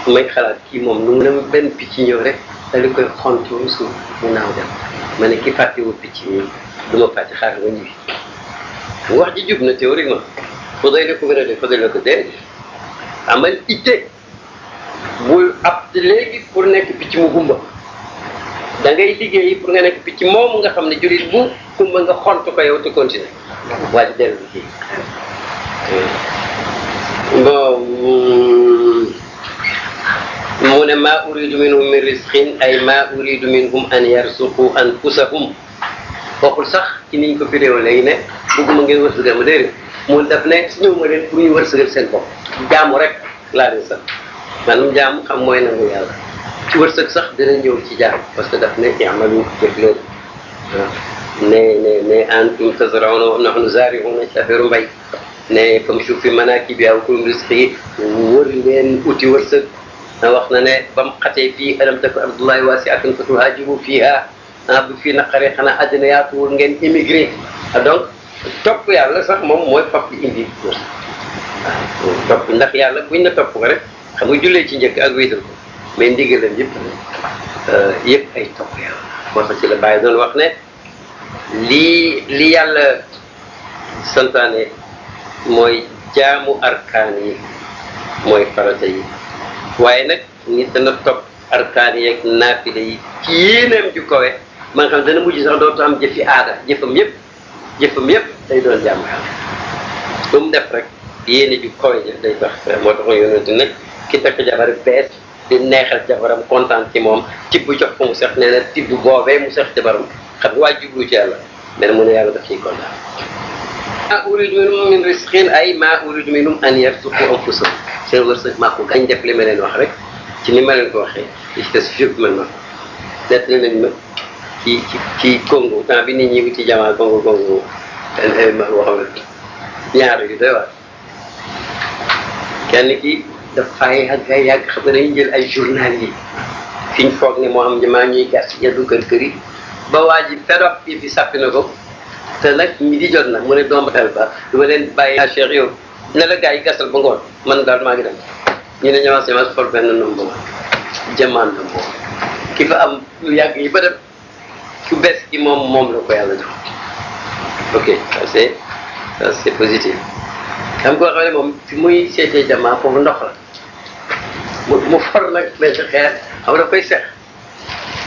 Speaker 2: may xalaat kii moom nu mu ne benn picc ñëw rek dali koy xontu suuf mu naaw dem ma ne ki fàttewul picc mi du ma fàtte xaaral wax ji jub na théoriquement fa doy na ko ab léegi pour nekk picc mu gumba da ngay liggéey pour nga nekk picc moom nga xam ne jurit bu ku mën nga xol ci ko yow te continue waaj delu ci bon mm, mu ne ma uridu minhum min risqin ay ma uridu minhum an yarzuqu anfusahum waxul sax ci niñ ko vidéo léegi ne bëgguma ngeen wërsëgal ma déedéet mu daf ne su ñëw ma leen pour ñu wërsëgal seen bopp jaamu rek laa leen sax manam jaamu xam mooy nangu yàlla ci wërsëg sax dina ñëw ci jaam parce que daf ne yamalu jëg leen ne ne ne antum tazrauna wa nahnu zari'una ci affaire mbay ne famshu fi manakibi awkum rizqi wër leen uti wërsëg wax na ne ba mu xatee fii alam takun ardullahi wasi'atan fatuhajiru fiha ah bu fii naqaree xanaa àddina yaatuwul ngeen immigré donc topp yàlla sax moom mooy fap indi wërsëg waaw topp ndax yàlla buñ na topp ko rek xam nga jullee ci njëkk ak wéetal ko mais ndigalam yëpp euh, yëpp ay topp yàlla moo tax ci la bàyyi doon wax ne lii li yàlla santaane mooy jaamu arkaan yi mooy farata yi waaye nag nit dana topp arkaan yi ak naafile yi ci yéeneem ju kowe ma nga xam dana mujj sax dootu am jëfi aada jëfam yépp jëfam yépp day doon jaamu yàlla lu mu def rek yéene ju kowe ja day tax moo tax yonent nag ki takk jabar bees di neexal jabaram kontaan ci moom tibb jox ko mu sax nee na tibb boobee mu sax jabaram خد واجب وجالا من من يارد في كل أريد منهم من رزقين أي ما أريد منهم أن يرزقوا أنفسهم سير ورزق ما كو كان جفل من الوحرك كني ما لنكو أخي يستسفق منه لاتنا من ما كي كي كونغو تابين يجيبوا تجمع كونغو كونغو أنا ما هو هذا نعرف كده وا كان كي دفعي هذا يا خبرين جل الجورنالي فين فوقني مهم جماعي كاسيا دو كركري ba waa ji ferop fi sàppi na ko te nag mi di jot na mu ne doom xel ba du ma leen bàyyi naa Cheikh yow ne la gars yi gasal ba ngoon man daal maa ngi dem ñu ne ñëwaat semence xool benn nombre jëmmaan nombre ki fa am lu yàgg yi ba dem ku bees ki moom moom la ko yàlla jox ok ça c'est ça c'est positif xam koo xam ne moom fi muy seetee jamaa foofu ndox la mu mu for nag benn xeer xam nga koy seq.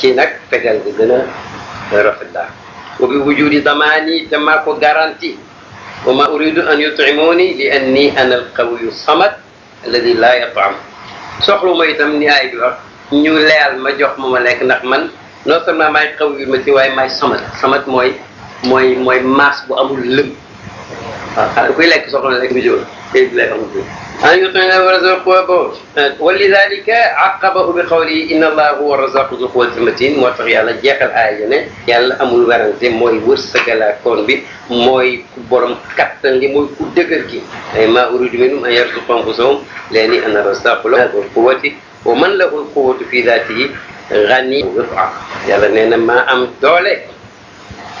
Speaker 2: ci nag fegal bi gën a rafet daal wa bi wujudi zamaani te maa ko garanti wa ma uridu an yut'imuni li anni ana alqawiyu samad alladi laa yat'am soxlu ma itam ni ay bi wax ñu leyal ma jox ma ma lekk ndax man non seulement maay xaw yu ma ci waaye maay samat samat mooy mooy mooy maas bu amul lëm أن يطعم الله ورزاق ولذلك عقبه بقوله إن الله هو الرزاق ذو القوة المتين وطغي على جيخ الآية يلا أمو الورنزي موي ورسك لا كون بي موي كبرم كتن لي موي كدقر أي ما أريد منهم أن يرزق أنفسهم لأني أنا الرزاق له ذو القوة ومن له القوة في ذاته غني ويطعم يلا نينا ما أم دولك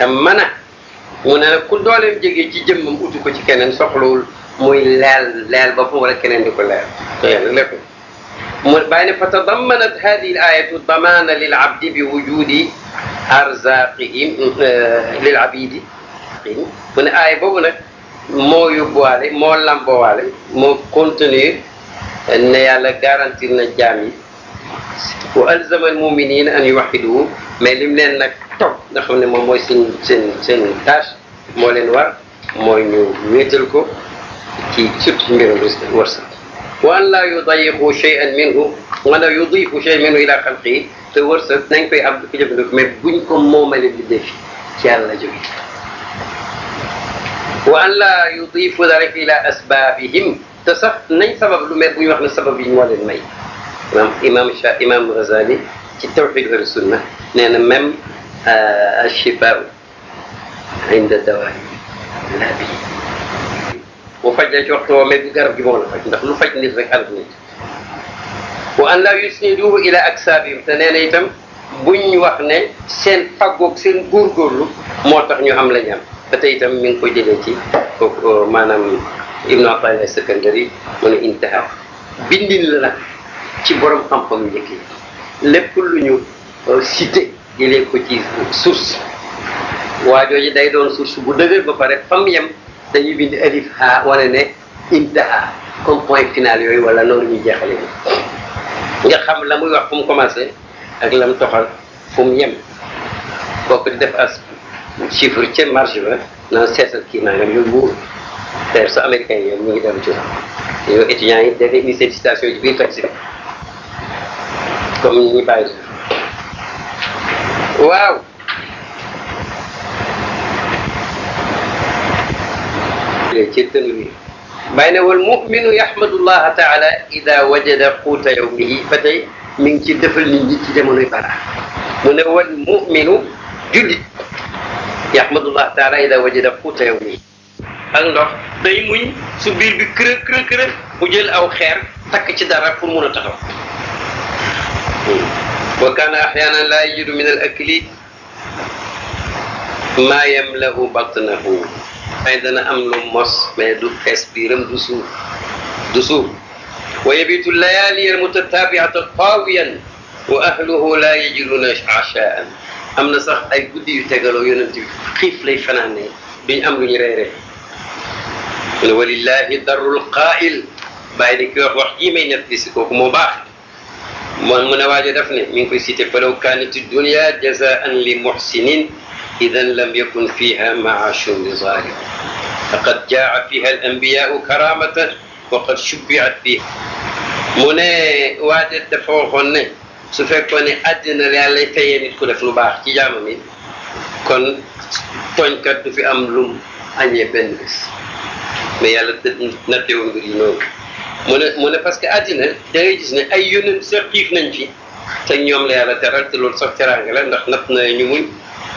Speaker 2: تمنا mu ne nag ku dooleem jege ci jëmmam uti ko ci keneen soxlawul muy leel leel boppam wala keneen di ko leel to yàlla lépp mu bàyyi ne fa tadammanat hadihi al ayatu damana lil abdi bi wujudi arzaqihim euh, lil abidi mu ne aaya boobu nag moo yóbbuwaale moo lamboowaale moo continuer ne yàlla garantir na jaam yi والزم المؤمنين ان يوحدوا ما لم لين نك توب دا خامني مو موي سين سين سين تاش مو لين وار موي نيو ميتلكو كي سوت ميرو ورسا وان لا يضيق شيئا منه ولا يضيف شيء منه الى خلقه تو ورسا نانغ فاي اب كي جيب دوك مي بوين كو مومال دي ديف تي الله جوي وان لا يضيف ذلك الى اسبابهم تصف نين سبب لو مي بوين واخنا سبب يي مولين ماي imaam imaam Cha imaam Ghazali ci tawxiid wal sunna nee na même euh, ashifaaw inda dawaa la bi bu faj la ci waxtu woo mais du garab gi moo la faj ndax lu faj nit rek àll nit wa an laa yusnidu ila aksaabihim te nee na itam buñ wax ne seen faggoog seen góorgóorlu moo tax ñu am la ñu am ba tey itam mi ngi ko jëlee ci kooku euh, maanaam Ibnu Ataillah Sakandari mu ne intaha bindin la nag ci borom xam-xam njëkk yi lépp lu ñu euh, cité ko ci source waa jooju day doon source bu dëgër ba pare fam yem dañuy bind alif ha wane ne intaha comme point final yooyu wala noonu ñuy jeexale ni xam la muy wax fu mu commencé ak la mu toxal fu mu yem bokk def as chiffre ca march ba na seetal kii naa ngam yooyu wóor d'ailleurs sa américain yi ñu ngi dem ci yow étudiants yi dañuy indi comme une image. Waouh بين والمؤمن يحمد الله تعالى إذا وجد قوت يومه فتي من كدف المنجد جمعنا فرع من والمؤمن جل يحمد الله تعالى إذا وجد قوت يومه الله ديمون سبير بكر كر كر وجل أو خير تك تدار فرمونا تغرب وكان احيانا لا يجد من الاكل ما يملأ بطنه عندنا امل مص بيد اسبيرم دسوب دسو ويبيت الليالي المتتابعة قاويا واهله لا يجدون عشاء ام نسخ اي بدي يتقلو ينتي كيف لي فناني بين امر يريري ولله در القائل بعد كي وحيمي وكما مباح من من واجد دفن من كل سيت فلو كانت الدنيا جزاء لمحسن إذا لم يكن فيها معاش لظالم فقد جاء فيها الأنبياء كرامة وقد شبعت فيها من واجد دفعهن سفكون أدنى لألي تيني كل فلو باح تجامع من كن تنكت في أملم أن يبنس ما يلتد نتيون بدينوك mu ne mu ne parce que àddina da ngay gis ne ay yónent sax xiif nañ fi te ñoom la yàlla teral te loolu sax teraanga la ndax natt na ñu muñ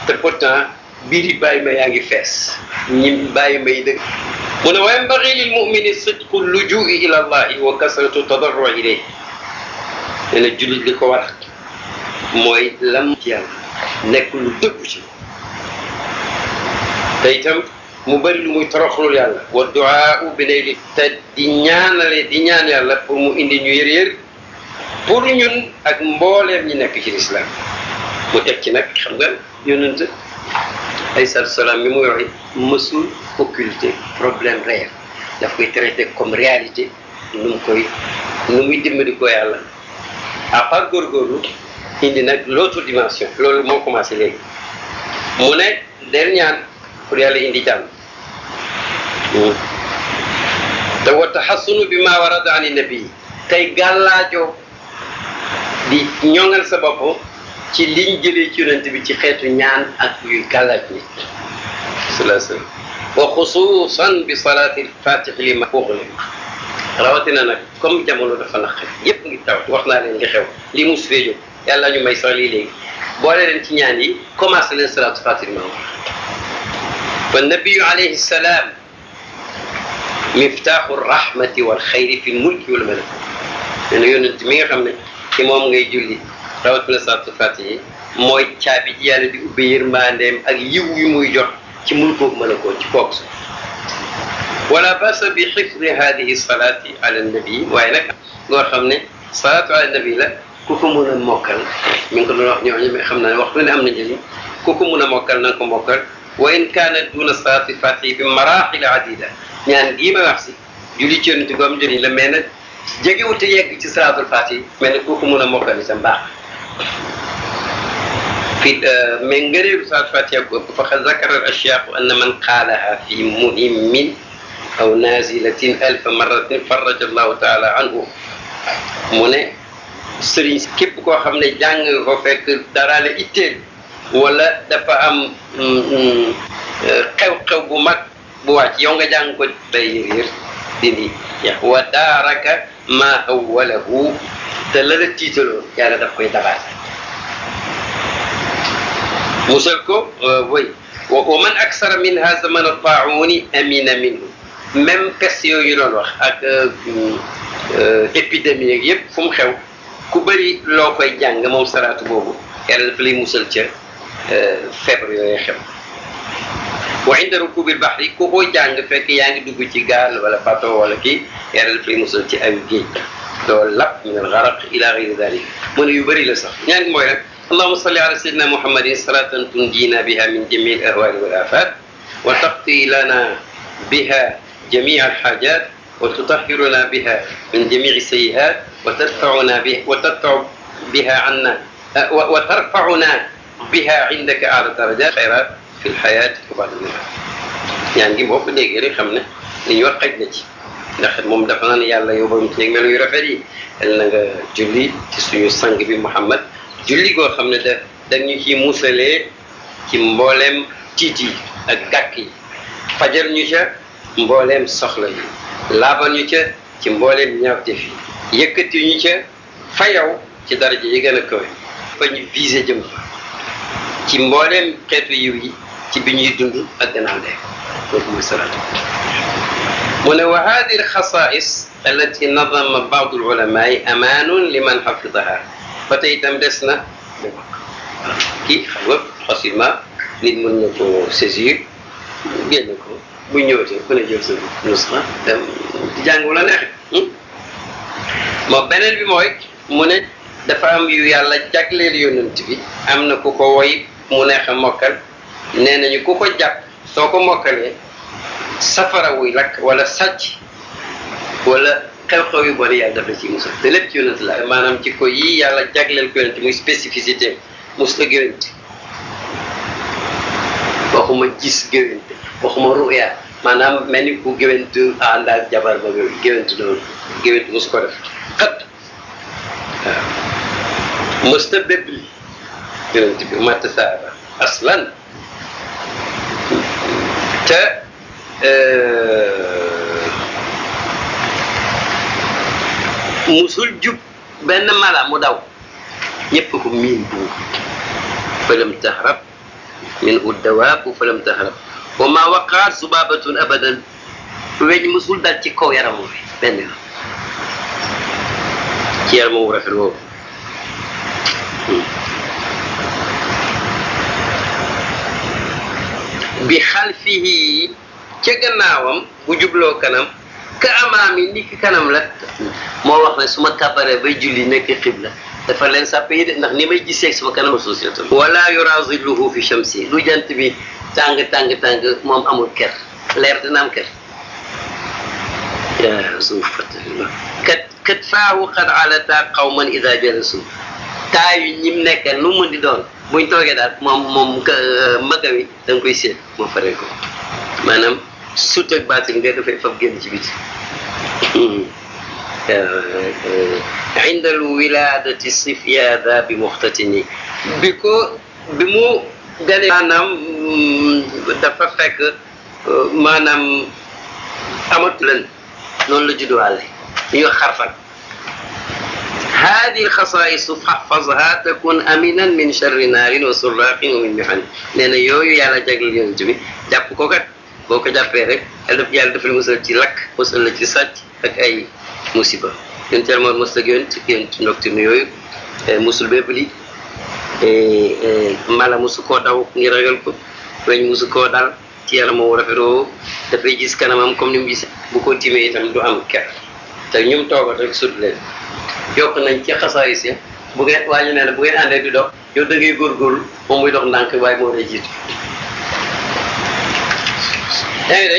Speaker 2: te pourtant biir yi bàyyi ma yaa ngi fees ñi bàyyi may dëgg mu ne waaye mbaxi lil mumini sidqu lujui ila allahi wa kasratu tadarru ilayhi nee na jullit li ko war mooy lam ci yàlla nekk lu dëgg ci te itam mu bëri lu muy toroxlul yàlla wa duaa bi lay te di ñaanale di ñaan yàlla pour mu indi ñu yër yër pour ñun ak mbooleem ñi nekk ci lislaam mu teg ci nag xam nga yonent ay salatu salaam mi mu waxi mësul occulter problème réel daf koy traité comme réalité nu mu koy nu muy dimbali ko yàlla à part góorgóorlu indi nag l'autre dimension loolu moo commencé léegi mu ne del ñaan pour yàlla indi jàmm hmm. te wa bi ma warada ani nabi tey gàllaajo di ñoŋal sa bopp ci liñ jëlee ci yonent bi ci xeetu ñaan ak yuy gàllaaj nit sallallahu na xusuusan bi salaati li ma uxliq rawatina nag comme jamono dafa naqari yépp ngi taw wax naa leen li xew li mus fee jóg yàlla ñu may sax lii léegi boole leen ci ñaan yi commencé leen salaatu fatixi ma فالنبي عليه السلام مفتاح الرحمة والخير في الملك والملك يعني يون الدميغة من كمام غي جولي روات من سات الفاتحة موي تابي جيالي دي أبير ما نيم أك يو يمو يجوح والملك ملك وملك وجوك ولا بأس بحفظ هذه الصلاة على النبي وإنك نور خمني صلاة على النبي لا كوكو مونا موكل من كل روح نيو عجمي خمنا وقتنا أمن جلي كوكو مونا موكل نانكو موكل وإن كان دون الصلاة الفاتحة في مراحل عديدة نان يعني جيما نفسي جولي تيون تقوم جولي لمن جيجي وتيك في صلاة الفاتحة من كوكو مونا موكا نسان باق في آه، من غير صلاة الفاتحة فخذكر الأشياء أن من قالها في مهم أو نازلة ألف مرة فرج الله تعالى عنه مونا سرين كيف كو خامني جانغ فو ولا دفع أم قو قو بمك بوات يونغ جانك بيرير ديني يا هو دارك ما هو له تلر تيتلو يا رب كوي دبار مسلكو وي ومن أكثر من هذا زمن الطاعون أمين منه même question yu doon wax ak épidémie yëpp fu mu xew ku bari loo koy jàng moom saraatu boobu yàlla dafa lay musal ca feebar yooyu xew wa inda rukub al bahri ku koy jàng fekk yaa ngi dugg ci gaal wala bato wala kii yaral fi musul ci ay géej doo lab min al gharaq ila ghayri dalik mu ne yu bëri la sax ñaan mooy rek اللهم صل على سيدنا محمد صلاة تنجينا بها من جميع الأهوال والآفات وتقضي لنا بها جميع الحاجات وتطهرنا بها من جميع السيئات وتدفعنا بها وتدفع بها عنا وترفعنا بها عندك اعلى درجات خيرات في الحياه كبار الناس يعني دي موب دي غيري خمنا ني يوقج نتي داخل موم دافنا ني يالا يوبو نتي ميلو يرافري لنا جولي تي سيو سانغ بي محمد جولي غو خمنا دا دا ني سي موسلي كي مبولم تيتي اك غاكي فاجر ني شا مبولم سخلا يي لابو ني شا كي مبولم نياوتي في يكتي ني شا فايو ci daraje yi gëna kawé fa ñu ci mbooleem xeetu yiw yi ci bi ñuy dund ak gannaaw dee kooku mooy salaatu mu ne wa hadi alxasaais allati nadama baadu alulamaai amaanun liman xafidaha ba tey itam des na mu wax kii xam nit mën na ko saisir génn ko bu ñëwatee ku ne jël sa nusxa dem di jàng la hmm? beneen bi mooy mu ne dafa am yu yàlla jagleel yonent bi am na ku ko woy mu neex a mokkal nee nañu ku ko jàpp soo ko mokkalee safara wuy lakk wala sàcc walla xew-xew yu bari yàlla dafa ci musul te ci yonent la maanaam ci ko yii yàlla jagleel ko yonent muy spécificité mus la gëwénte waxuma gis gëwénte waxuma ruya maanaam mel ni ku gëwéntu ànd ak jabar ba gëwéntu doon gëwéntu mus ko def xat waaw ta bépp li yonent bi ma tasaaba aslan te musul jub benn mala mu daw ñëpp ko miin buur falam tahrab min uddawaab falam tahrab wa ma waqaat subabatun abadan weñ musul dal ci kaw yaram wi benn yoon ci yaram wu rafet woowu bi xalfihi ca gannaawam bu jubloo kanam ka amaam yi ni ki kanam la moo wax ne su ma kabaree bay julli nekk xibla dafa leen sàpp yi de ndax ni may gisee sama kanam société wala yuraziluhu fi shamsi lu jant bi tàng tàng tàng moom amul ker leer dina am ker kat kat faahu qad alata qawman ida jalasu taa yu ñim nekk lu mu mën di doon buñ toogee daal moom moom ka a wi da nga koy séet moo fare ko maanaam surtout ak baatin nga dafay fab génn ci biti عند الولادة الصفية ذا بمختتني بكو بمو gane manam mm, dafa fekk eh, manam amatulen non la juddu walé هذه الخصائص فحفظها تكون امنا من شر نار وسراق ومن محن لان يوي يا لا جاك لي نجمي جاب كوكا بوكا جابي رك الف يال دف المسل تي لك مسل لك سات اك اي مصيبه انت ما مستغيون تكين نوكت نيوي إيه، مسل بيب لي إيه، إيه، مالا مسكو داو ني راغل وين مسكو دال تي يالا مو رافيرو دافاي جيس كانامام كوم نيم بوكو تيمي تام دو ام كير نيوم توغا رك سود لين yokk nañ ci xasaay si bu ngeen waa ñu ne la bu ngeen àndee di dox yow da ngay góorgóorlu moom muy dox ndànk waaye moo lay jiitu yaa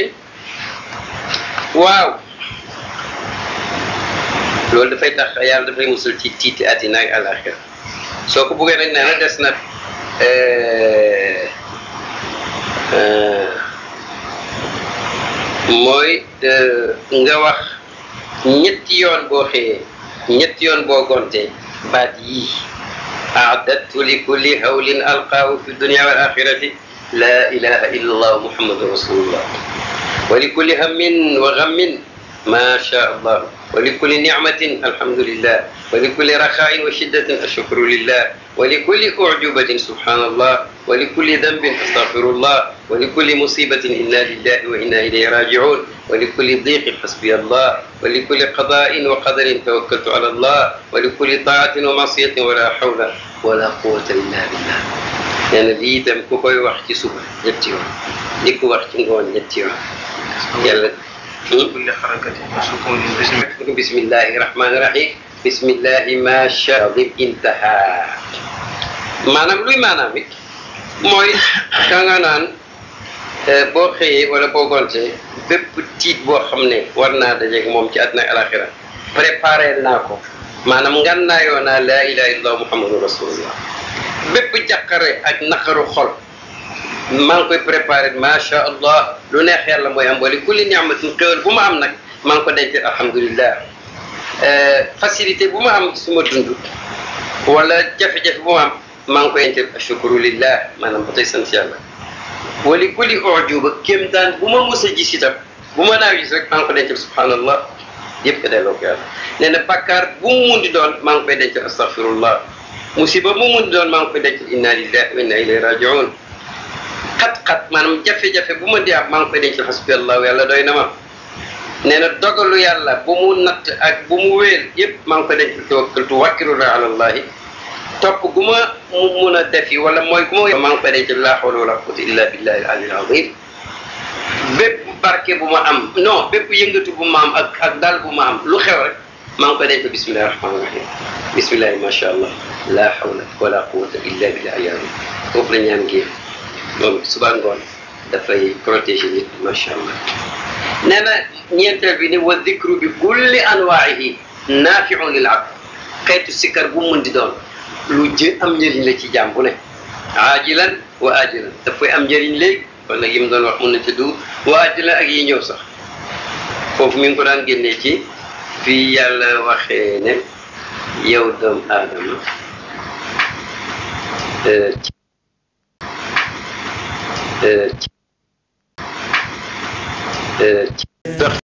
Speaker 2: loolu dafay tax yàlla dafay musul ci tiiti àddina ak àllaaxira ko buggee nag nee des na eh, eh, mooy eh, nga wax ñetti yoon boo xëyee نيت يون بوغونتي بعد يي أعددت لكل هول ألقاه في الدنيا والآخرة لا إله إلا الله محمد رسول الله ولكل هم وغم ما شاء الله ولكل نعمة الحمد لله ولكل رخاء وشدة الشكر لله ولكل أعجوبة سبحان الله ولكل ذنب أستغفر الله ولكل مصيبة إنا لله وإنا إليه راجعون ولكل ضيق حسبي الله ولكل قضاء وقدر توكلت على الله ولكل طاعة ومعصية ولا حول ولا قوة إلا بالله يعني لي دم كوكوي وحكي سوبر يبتيو ليكو وحكي نقول يبتيو يلا كل حركة وسكون بسم, بسم الله الرحمن الرحيم بسم الله ما شاء انتهى ما luy ما it موي كان nga boo xëyee wala boo gontee bépp tiit boo xam ne war naa dajeeg moom ci àddina alaxira préparé naa ko maanaam ngànnaayoo naa laa ilaha illallah muhammadu rasulullah bépp jàqare ak naqaru xol maa ngi koy préparé macha allah lu neex yàlla mooy am wala kulli ni'matin xéwal bu ma am nag maa ngi ko denc alhamdulillah euh, facilité bu ma am su ma wala jafe-jafe bu ma am maa ngi koy denc ashukuru lillah maanaam ba tey sant yàlla. wali kulli ujuba kéemtaan bu ma mës a gis itam bu ma naa gis rek maa ngi ko denc subhanallah yëpp ko delloo ko yàlla nee na bàkkaar bu mu mun di doon maa ngi koy denc astaghfirullah musiba bu mu mun di doon maa ngi koy denc inna lillahi wa inna ilayhi rajiun xat-xat maanaam jafe-jafe bu ma di am maa ngi koy denc hasbiyallahu yàlla doy na ma nee na dogalu yàlla bu mu natt ak bu mu wéel yëpp maa ngi koy denc tawakkaltu wàkkiru ala allahi top guma mu meuna defi wala moy guma ma ngi fane ci la hawla wala quwwata illa billahi al alil azim bépp barke bu ma am non bépp yëngatu bu ma am ak ak dal bu ma am lu xew rek ma ngi ko ci bismillahir rahmanir rahim bismillahir ma sha allah la hawla wala quwwata illa billahi al azim foofu la ñaan gi moom suba da fay protéger nit ma sha allah nema na bi ni wa dikru bi kulli anwa'ihi nafi'un lil abd xeetu sikkar bu mun di doon lu jë am njëriñ la ci jaam bu ne aajilan wa aajilan daf am njëriñ léegi kon nag yi mu doon wax mun na ci dugg wa aajilan ak yi ñëw sax foofu mi ngi ko daan génne ci fii yàlla waxe ne yow doomu aadama
Speaker 1: euh, ci euh, euh,